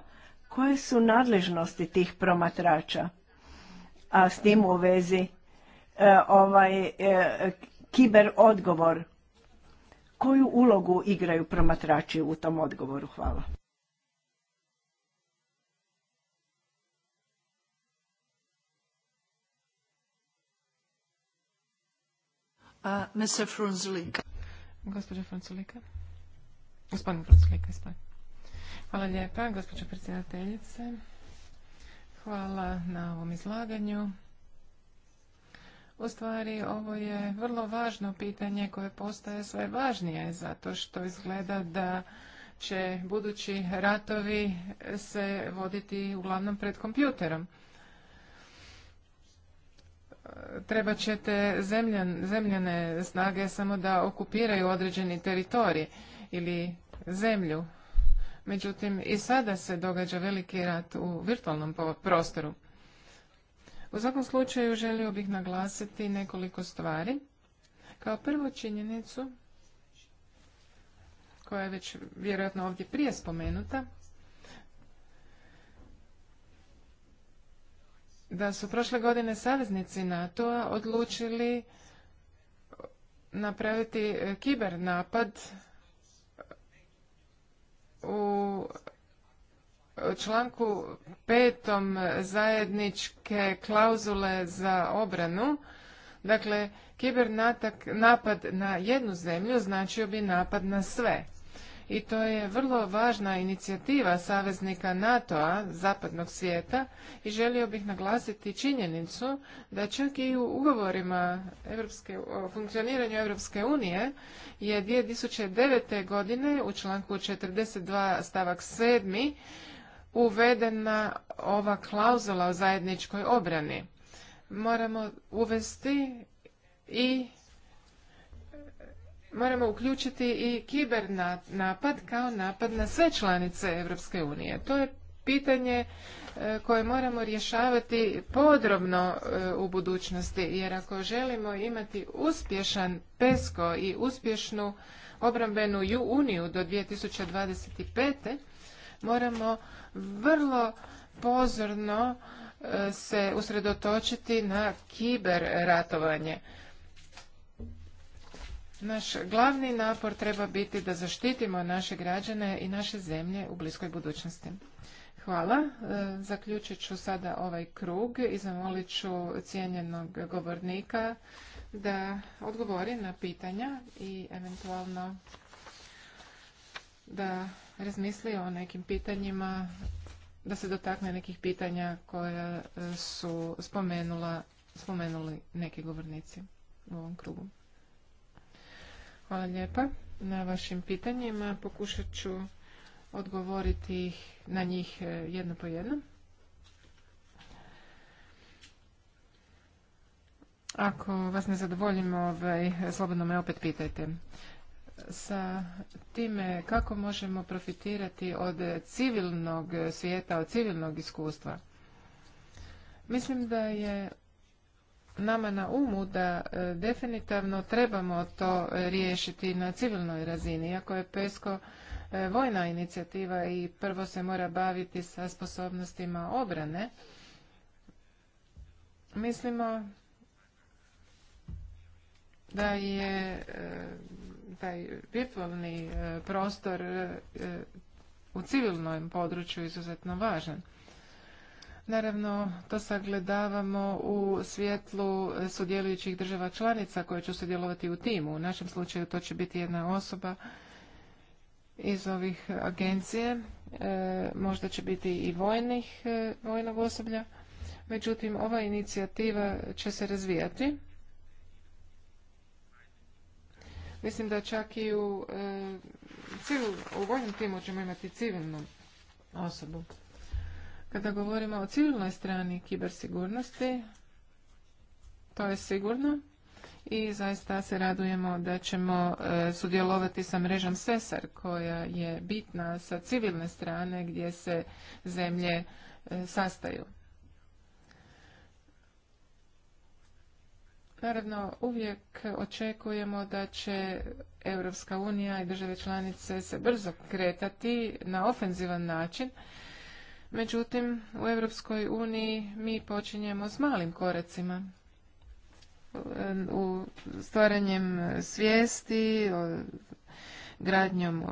Koje su nadležnosti tih promatrača? a s tim u vezi e, ovaj e, kiber odgovor. Koju ulogu igraju promatrači u tom odgovoru? Hvala. Frunzulika. Gospodin Frunzulika. Hvala lijepa, gospođo predsjedateljice. Hvala na ovom izlaganju. U stvari, ovo je vrlo važno pitanje koje postaje sve važnije, zato što izgleda da će budući ratovi se voditi uglavnom pred kompjuterom. Treba ćete zemljane snage samo da okupiraju određeni teritorij ili zemlju Međutim, i sada se događa veliki rat u virtualnom prostoru. U svakom slučaju želio bih naglasiti nekoliko stvari. Kao prvu činjenicu, koja je već vjerojatno ovdje prije spomenuta, da su prošle godine saveznici NATO-a odlučili napraviti kiber napad u članku petom zajedničke klauzule za obranu. Dakle, kiber napad na jednu zemlju značio bi napad na sve i to je vrlo važna inicijativa saveznika NATO-a zapadnog svijeta i želio bih naglasiti činjenicu da čak i u ugovorima Evropske, o funkcioniranju Europske unije je 2009. godine u članku 42 stavak 7 uvedena ova klauzula o zajedničkoj obrani. Moramo uvesti i moramo uključiti i kiber napad kao napad na sve članice Europske unije. To je pitanje e, koje moramo rješavati podrobno e, u budućnosti, jer ako želimo imati uspješan PESCO i uspješnu obrambenu uniju do 2025. moramo vrlo pozorno e, se usredotočiti na kiber ratovanje. Naš glavni napor treba biti da zaštitimo naše građane i naše zemlje u bliskoj budućnosti. Hvala. E, zaključit ću sada ovaj krug i zamolit ću cijenjenog govornika da odgovori na pitanja i eventualno da razmisli o nekim pitanjima, da se dotakne nekih pitanja koja e, su spomenuli neki govornici u ovom krugu. Hvala lijepa na vašim pitanjima. Pokušat ću odgovoriti na njih e, jedno po jedno. Ako vas ne zadovoljim, ovaj, slobodno me opet pitajte. Sa time kako možemo profitirati od civilnog svijeta, od civilnog iskustva? Mislim da je nama na umu da e, definitivno trebamo to riješiti na civilnoj razini, iako je PESCO e, vojna inicijativa i prvo se mora baviti sa sposobnostima obrane. Mislimo da je e, taj virtualni prostor u civilnom području izuzetno važan. Naravno, to sagledavamo u svjetlu sudjelujućih država članica koje će sudjelovati u timu. U našem slučaju to će biti jedna osoba iz ovih agencije. E, možda će biti i vojnih, e, vojnog osoblja. Međutim, ova inicijativa će se razvijati. Mislim da čak i u, e, u vojnom timu ćemo imati civilnu osobu. Kada govorimo o civilnoj strani kibersigurnosti, to je sigurno i zaista se radujemo da ćemo e, sudjelovati sa mrežom SESAR koja je bitna sa civilne strane gdje se zemlje e, sastaju. Naravno, uvijek očekujemo da će Europska unija i države članice se brzo kretati na ofenzivan način Međutim, u Europskoj uniji mi počinjemo s malim koracima u stvaranjem svijesti, gradnjom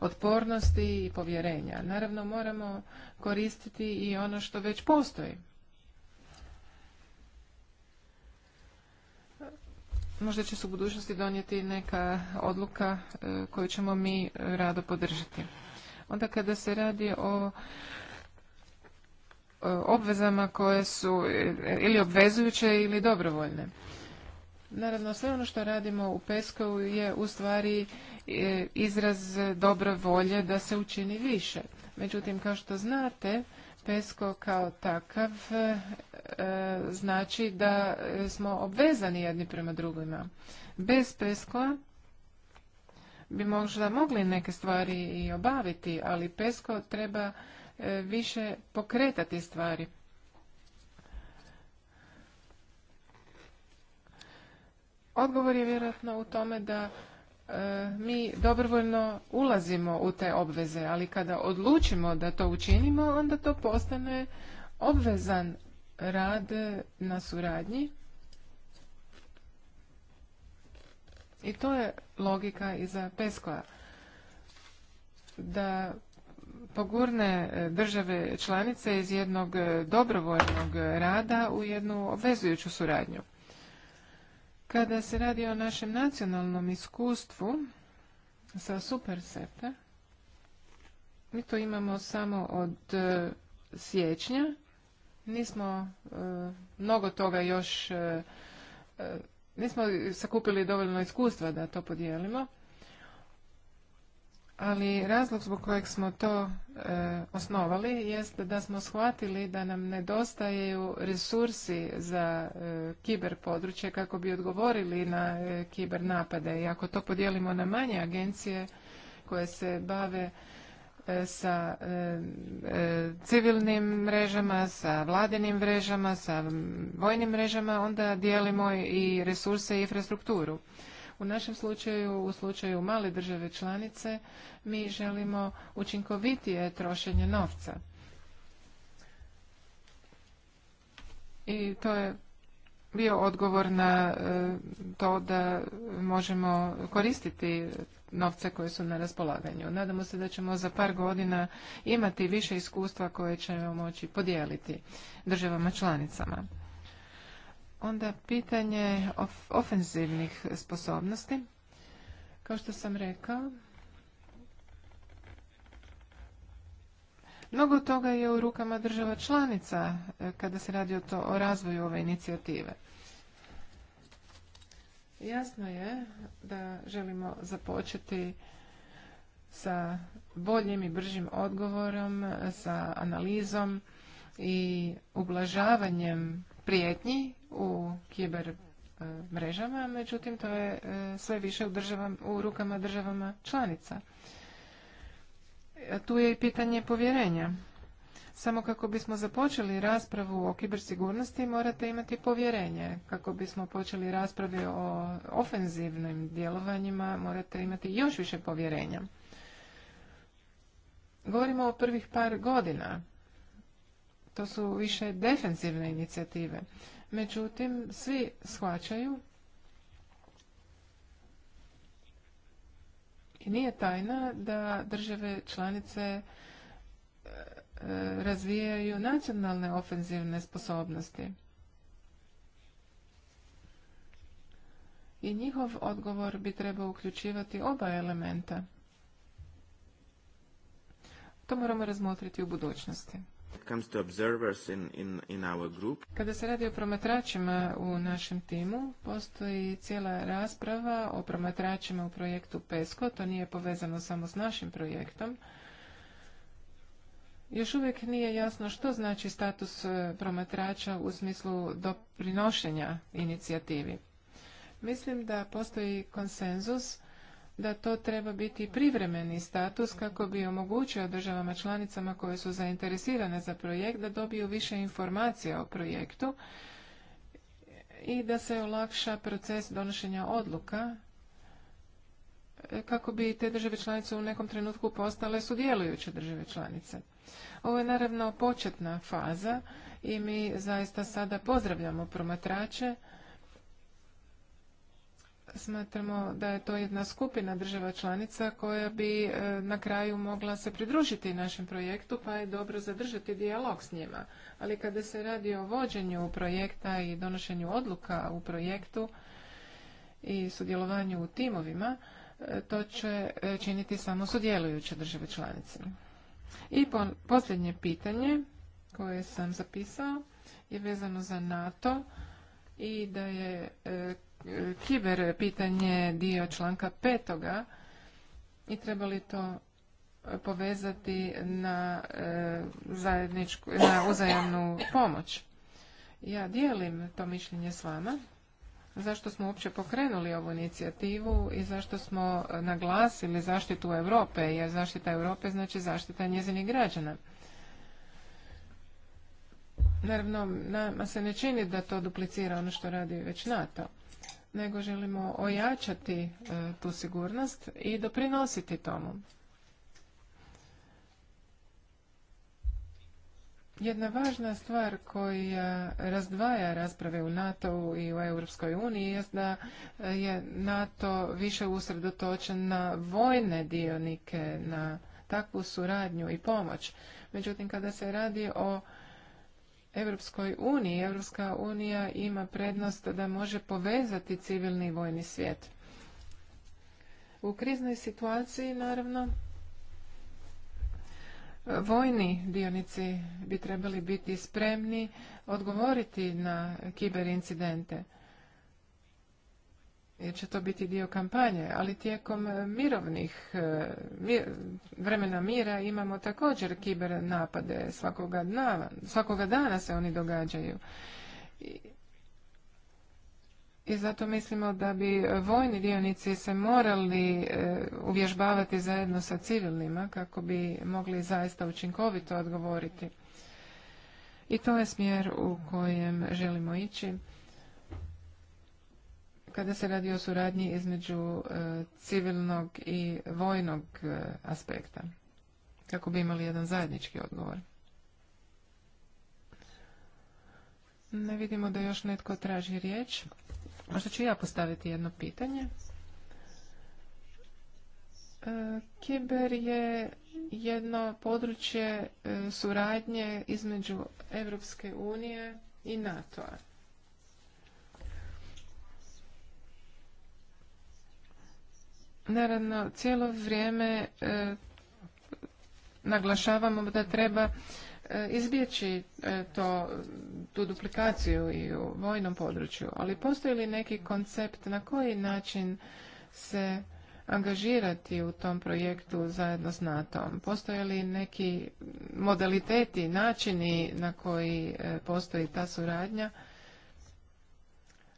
otpornosti i povjerenja. Naravno, moramo koristiti i ono što već postoji. Možda će se u budućnosti donijeti neka odluka e, koju ćemo mi rado podržati. Onda kada se radi o obvezama koje su ili obvezujuće ili dobrovoljne. Naravno, sve ono što radimo u Peskovu je u stvari e, izraz dobre volje da se učini više. Međutim, kao što znate, PESCO kao takav e, znači da smo obvezani jedni prema drugima. Bez pesco bi možda mogli neke stvari i obaviti, ali PESCO treba E, više pokretati stvari. Odgovor je vjerojatno u tome da e, mi dobrovoljno ulazimo u te obveze, ali kada odlučimo da to učinimo, onda to postane obvezan rad na suradnji. I to je logika iza Peskoja. Da pogurne e, države članice iz jednog e, dobrovoljnog rada u jednu obvezujuću suradnju. Kada se radi o našem nacionalnom iskustvu sa superseta, mi to imamo samo od e, siječnja. Nismo mnogo toga još, nismo sakupili dovoljno iskustva da to podijelimo ali razlog zbog kojeg smo to e, osnovali jest da smo shvatili da nam nedostaju resursi za e, kiber područje kako bi odgovorili na e, kiber napade i ako to podijelimo na manje agencije koje se bave e, sa civilnim mrežama, sa vladinim mrežama, sa vojnim mrežama, onda dijelimo i resurse i infrastrukturu. U našem slučaju, u slučaju male države članice, mi želimo učinkovitije trošenje novca. I to je bio odgovor na e, to da možemo koristiti novce koje su na raspolaganju. Nadamo se da ćemo za par godina imati više iskustva koje ćemo moći podijeliti državama članicama. Onda pitanje of, ofenzivnih sposobnosti. Kao što sam rekao, mnogo toga je u rukama država članica e, kada se radi o, to, o razvoju ove inicijative. Jasno je da želimo započeti sa boljim i bržim odgovorom, e, sa analizom i ublažavanjem prijetnji u kiber e, mrežama, međutim to je e, sve više u, u rukama državama članica. E, tu je i pitanje povjerenja. Samo kako bismo započeli raspravu o kibersigurnosti morate imati povjerenje. Kako bismo počeli raspravi o ofenzivnim djelovanjima morate imati još više povjerenja. Govorimo o prvih par godina to su više defensivne inicijative. Međutim, svi shvaćaju i nije tajna da države članice e, razvijaju nacionalne ofenzivne sposobnosti. I njihov odgovor bi trebao uključivati oba elementa. To moramo razmotriti u budućnosti. Kada se radi o promatračima u našem timu, postoji cijela rasprava o promatračima u projektu PESCO. To nije povezano samo s našim projektom. Još uvijek nije jasno što znači status e, promatrača u smislu doprinošenja inicijativi. Mislim da postoji konsenzus da to treba biti privremeni status kako bi omogućio državama članicama koje su zainteresirane za projekt da dobiju više informacija o projektu i da se olakša proces donošenja odluka e, kako bi te države članice u nekom trenutku postale sudjelujuće države članice. Ovo je naravno početna faza i mi zaista sada pozdravljamo promatrače smatramo da je to jedna skupina država članica koja bi e, na kraju mogla se pridružiti našem projektu pa je dobro zadržati dijalog s njima. Ali kada se radi o vođenju projekta i donošenju odluka u projektu i sudjelovanju u timovima, e, to će e, činiti samo sudjelujuće države članice. I posljednje pitanje koje sam zapisao je vezano za NATO i da je e, kiber pitanje dio članka petoga i treba li to povezati na, e, zajedničku, na uzajamnu pomoć. Ja dijelim to mišljenje s vama. Zašto smo uopće pokrenuli ovu inicijativu i zašto smo naglasili zaštitu Europe, jer zaštita Europe znači zaštita njezinih građana. Naravno, nama se ne čini da to duplicira ono što radi već NATO, nego želimo ojačati e, tu sigurnost i doprinositi tomu. Jedna važna stvar koja razdvaja rasprave u NATO-u i u Europskoj uniji je da e, je NATO više usredotočen na vojne dionike, na takvu suradnju i pomoć. Međutim, kada se radi o Europskoj uniji. Europska unija ima prednost da može povezati civilni i vojni svijet. U kriznoj situaciji, naravno, vojni dionici bi trebali biti spremni odgovoriti na kiber incidente jer će to biti dio kampanje, ali tijekom e, mirovnih e, vremena mira imamo također kiber napade svakoga dana, svakoga dana se oni događaju. I, zato mislimo da bi vojni dionici se morali e, uvježbavati zajedno sa civilnima kako bi mogli zaista učinkovito odgovoriti. I to je smjer u kojem želimo ići kada se radi o suradnji između e, civilnog i vojnog e, aspekta, kako bi imali jedan zajednički odgovor. Ne vidimo da još netko traži riječ. Možda ću ja postaviti jedno pitanje. E, kiber je jedno područje suradnje između Europske unije i NATO-a. Naravno, cijelo vrijeme e, naglašavamo da treba e, izbjeći e, to, tu duplikaciju i u vojnom području, ali postoji li neki koncept na koji način se angažirati u tom projektu zajedno s NATO-om? Postoje li neki modaliteti, načini na koji postoji ta suradnja?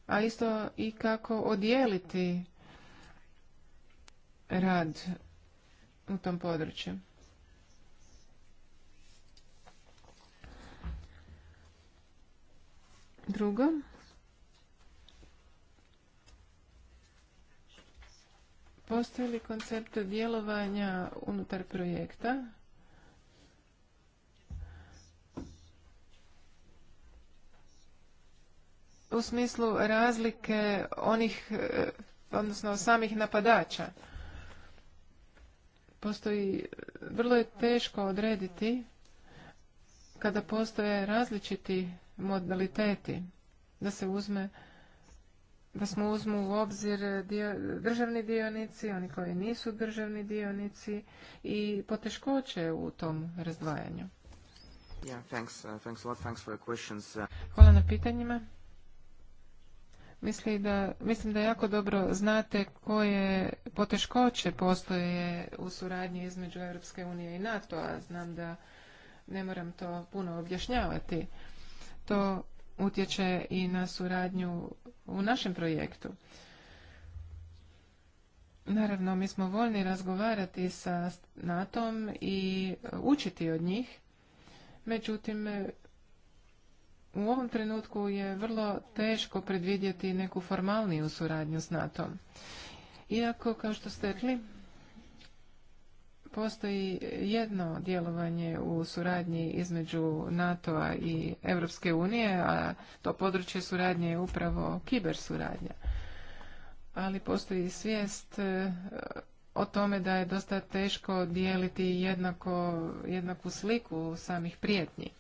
A isto i kako odijeliti rad u tom području. Drugo, postoji li koncept djelovanja unutar projekta? U smislu razlike onih, odnosno samih napadača. Postoji, vrlo je teško odrediti kada postoje različiti modaliteti da se uzme da smo uzmu u obzir državni dionici, oni koji nisu državni dionici i poteškoće u tom razdvajanju. Yeah, thanks, uh, thanks lot, thanks for questions. Hvala na pitanjima. Mislim da, mislim da jako dobro znate koje poteškoće postoje u suradnji između Europske unije i NATO-a. Znam da ne moram to puno objašnjavati. To utječe i na suradnju u našem projektu. Naravno, mi smo voljni razgovarati sa NATO-om i učiti od njih. Međutim, u ovom trenutku je vrlo teško predvidjeti neku formalniju suradnju s nato Iako, kao što ste rekli, postoji jedno djelovanje u suradnji između NATO-a i Europske unije, a to područje suradnje je upravo kiber suradnja. Ali postoji svijest e, o tome da je dosta teško dijeliti jednako, jednaku sliku samih prijetnji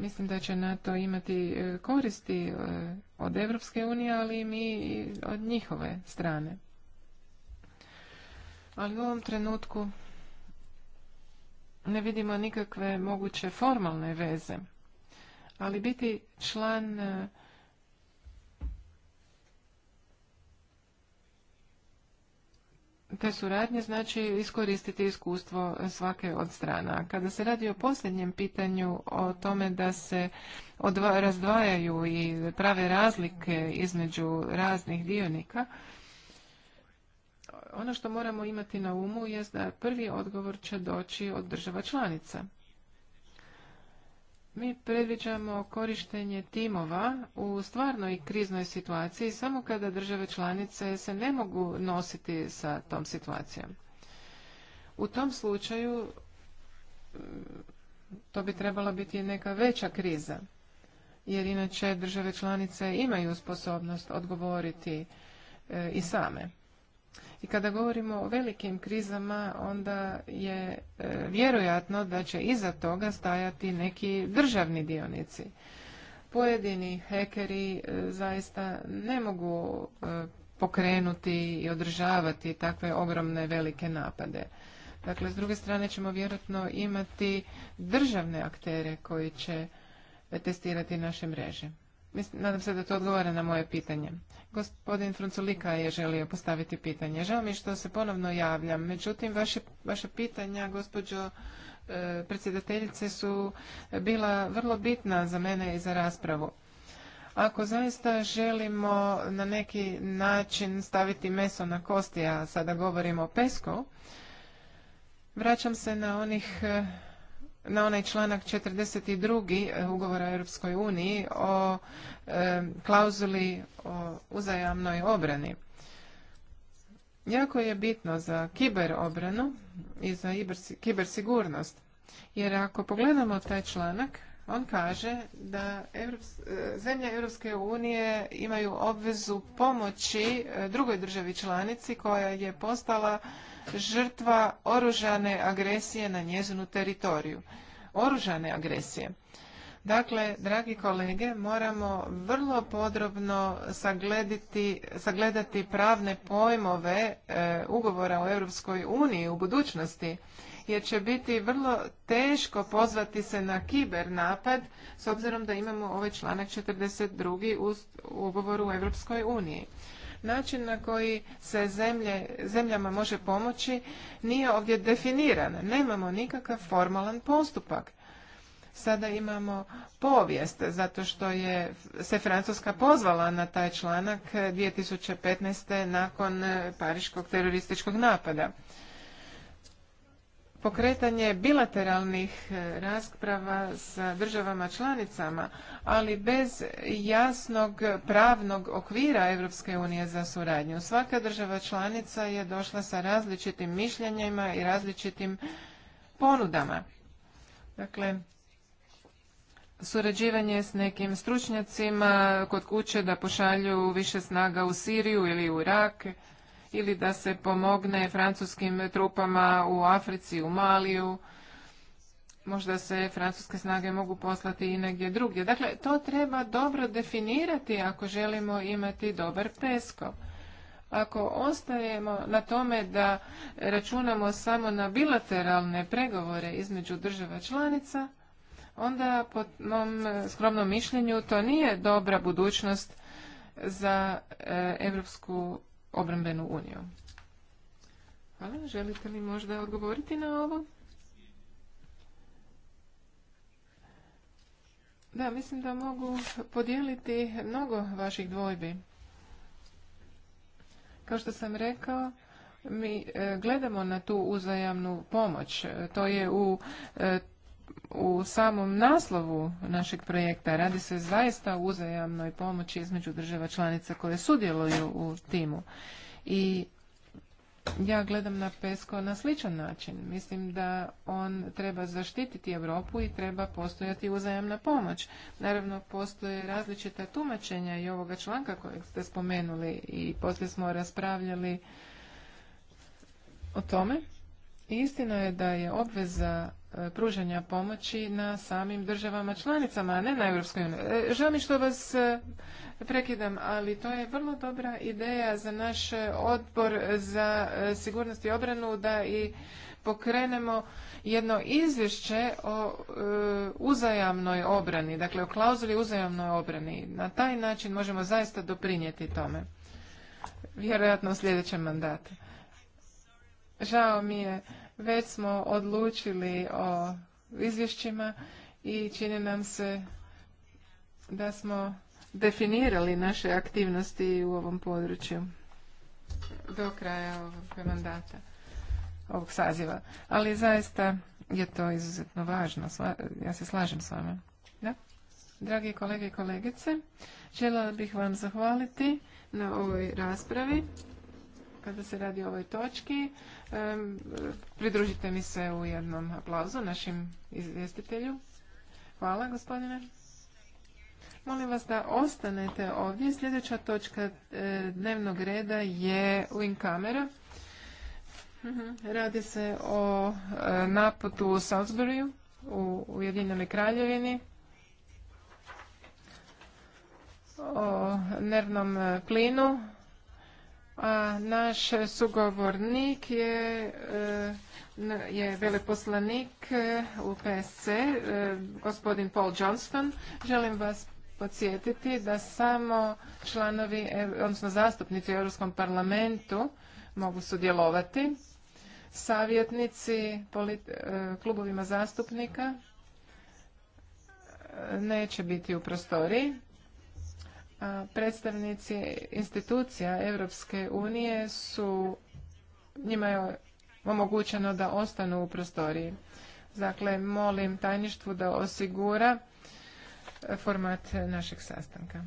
mislim da će NATO imati e, koristi e, od Evropske unije, ali i mi od njihove strane. Ali u ovom trenutku ne vidimo nikakve moguće formalne veze. Ali biti član e, te suradnje znači iskoristiti iskustvo svake od strana. Kada se radi o posljednjem pitanju o tome da se razdvajaju i prave razlike između raznih dionika, ono što moramo imati na umu je da prvi odgovor će doći od država članica. Mi predviđamo korištenje timova u stvarnoj kriznoj situaciji samo kada države članice se ne mogu nositi sa tom situacijom. U tom slučaju mm, to bi trebala biti neka veća kriza, jer inače države članice imaju sposobnost odgovoriti e, i same. I kada govorimo o velikim krizama, onda je e, vjerojatno da će iza toga stajati neki državni dionici. Pojedini hekeri e, zaista ne mogu e, pokrenuti i održavati takve ogromne velike napade. Dakle, s druge strane ćemo vjerojatno imati državne aktere koji će testirati naše mreže. Mislim, nadam se da to odgovara na moje pitanje. Gospodin Frunculika je želio postaviti pitanje. Žao mi što se ponovno javljam, međutim vaše, pitanja, gospođo e, predsjedateljice, su bila vrlo bitna za mene i za raspravu. Ako zaista želimo na neki način staviti meso na kosti, a sada govorimo o pesku, vraćam se na onih e, na onaj članak 42. Eh, ugovora Europskoj uniji o eh, klauzuli o uzajamnoj obrani. Jako je bitno za kiber obranu i za kibersigurnost, jer ako pogledamo taj članak, on kaže da eh, zemlje Europske unije imaju obvezu pomoći drugoj državi članici koja je postala žrtva oružane agresije na njezinu teritoriju. Oružane agresije. Dakle, dragi kolege, moramo vrlo podrobno sagledati pravne pojmove e, ugovora u Europskoj uniji u budućnosti, jer će biti vrlo teško pozvati se na kiber napad, s obzirom da imamo ovaj članak 42. u ugovoru u Europskoj uniji. Način na koji se zemlje, zemljama može pomoći nije ovdje definiran. Nemamo nikakav formalan postupak. Sada imamo povijest, zato što je se Francuska pozvala na taj članak 2015. nakon eh, pariškog terorističkog napada pokretanje bilateralnih e, rasprava sa državama članicama, ali bez jasnog pravnog okvira Europske unije za suradnju. Svaka država članica je došla sa različitim mišljenjima i različitim ponudama. Dakle, surađivanje s nekim stručnjacima kod kuće da pošalju više snaga u Siriju ili u Irak ili da se pomogne francuskim trupama u Africi, u Maliju. Možda se francuske snage mogu poslati i negdje drugdje. Dakle, to treba dobro definirati ako želimo imati dobar presko. Ako ostajemo na tome da računamo samo na bilateralne pregovore između država članica, onda po mom skromnom mišljenju to nije dobra budućnost za Europsku obrambenu uniju. Hvala. Želite li možda odgovoriti na ovo? Da, mislim da mogu podijeliti mnogo vaših dvojbi. Kao što sam rekao, mi e, gledamo na tu uzajamnu pomoć. E, to je u e, u samom naslovu našeg projekta radi se zaista o uzajamnoj pomoći između država članica koje sudjeluju u timu. I ja gledam na PESCO na sličan način. Mislim da on treba zaštititi Europu i treba postojati uzajamna pomoć. Naravno, postoje različita tumačenja i ovoga članka kojeg ste spomenuli i poslije smo raspravljali o tome. Istina je da je obveza e, pružanja pomoći na samim državama članicama, a ne na Europskoj uniji. E, žao mi što vas e, prekidam, ali to je vrlo dobra ideja za naš odbor za sigurnost i obranu da i pokrenemo jedno izvješće o uzajamnoj obrani, dakle o klauzuli uzajamnoj obrani. Na taj način možemo zaista doprinijeti tome. Vjerojatno u sljedećem mandatu. Žao mi je već smo odlučili o izvješćima i čini nam se da smo definirali naše aktivnosti u ovom području do kraja ovog mandata, ovog saziva. Ali zaista je to izuzetno važno. Ja se slažem s vama. Da? Dragi kolege i kolegice, željela bih vam zahvaliti na ovoj raspravi kada se radi o ovoj točki. Pridružite mi se u jednom aplauzu našim izvjestitelju. Hvala gospodine. Molim vas da ostanete ovdje. Sljedeća točka e, dnevnog reda je in camera mhm, Radi se o e, naputu u Salisburyu u Ujedinjenoj kraljevini o nervnom plinu naš sugovornik je e, je veleposlanik e, u PSC, e, gospodin Paul Johnston. Želim vas podsjetiti da samo članovi, odnosno zastupnici u Europskom parlamentu mogu sudjelovati, savjetnici klubovima zastupnika neće biti u prostoriji predstavnici institucija Europske unije su, njima je omogućeno da ostanu u prostoriji. Dakle, molim tajništvu da osigura format našeg sastanka.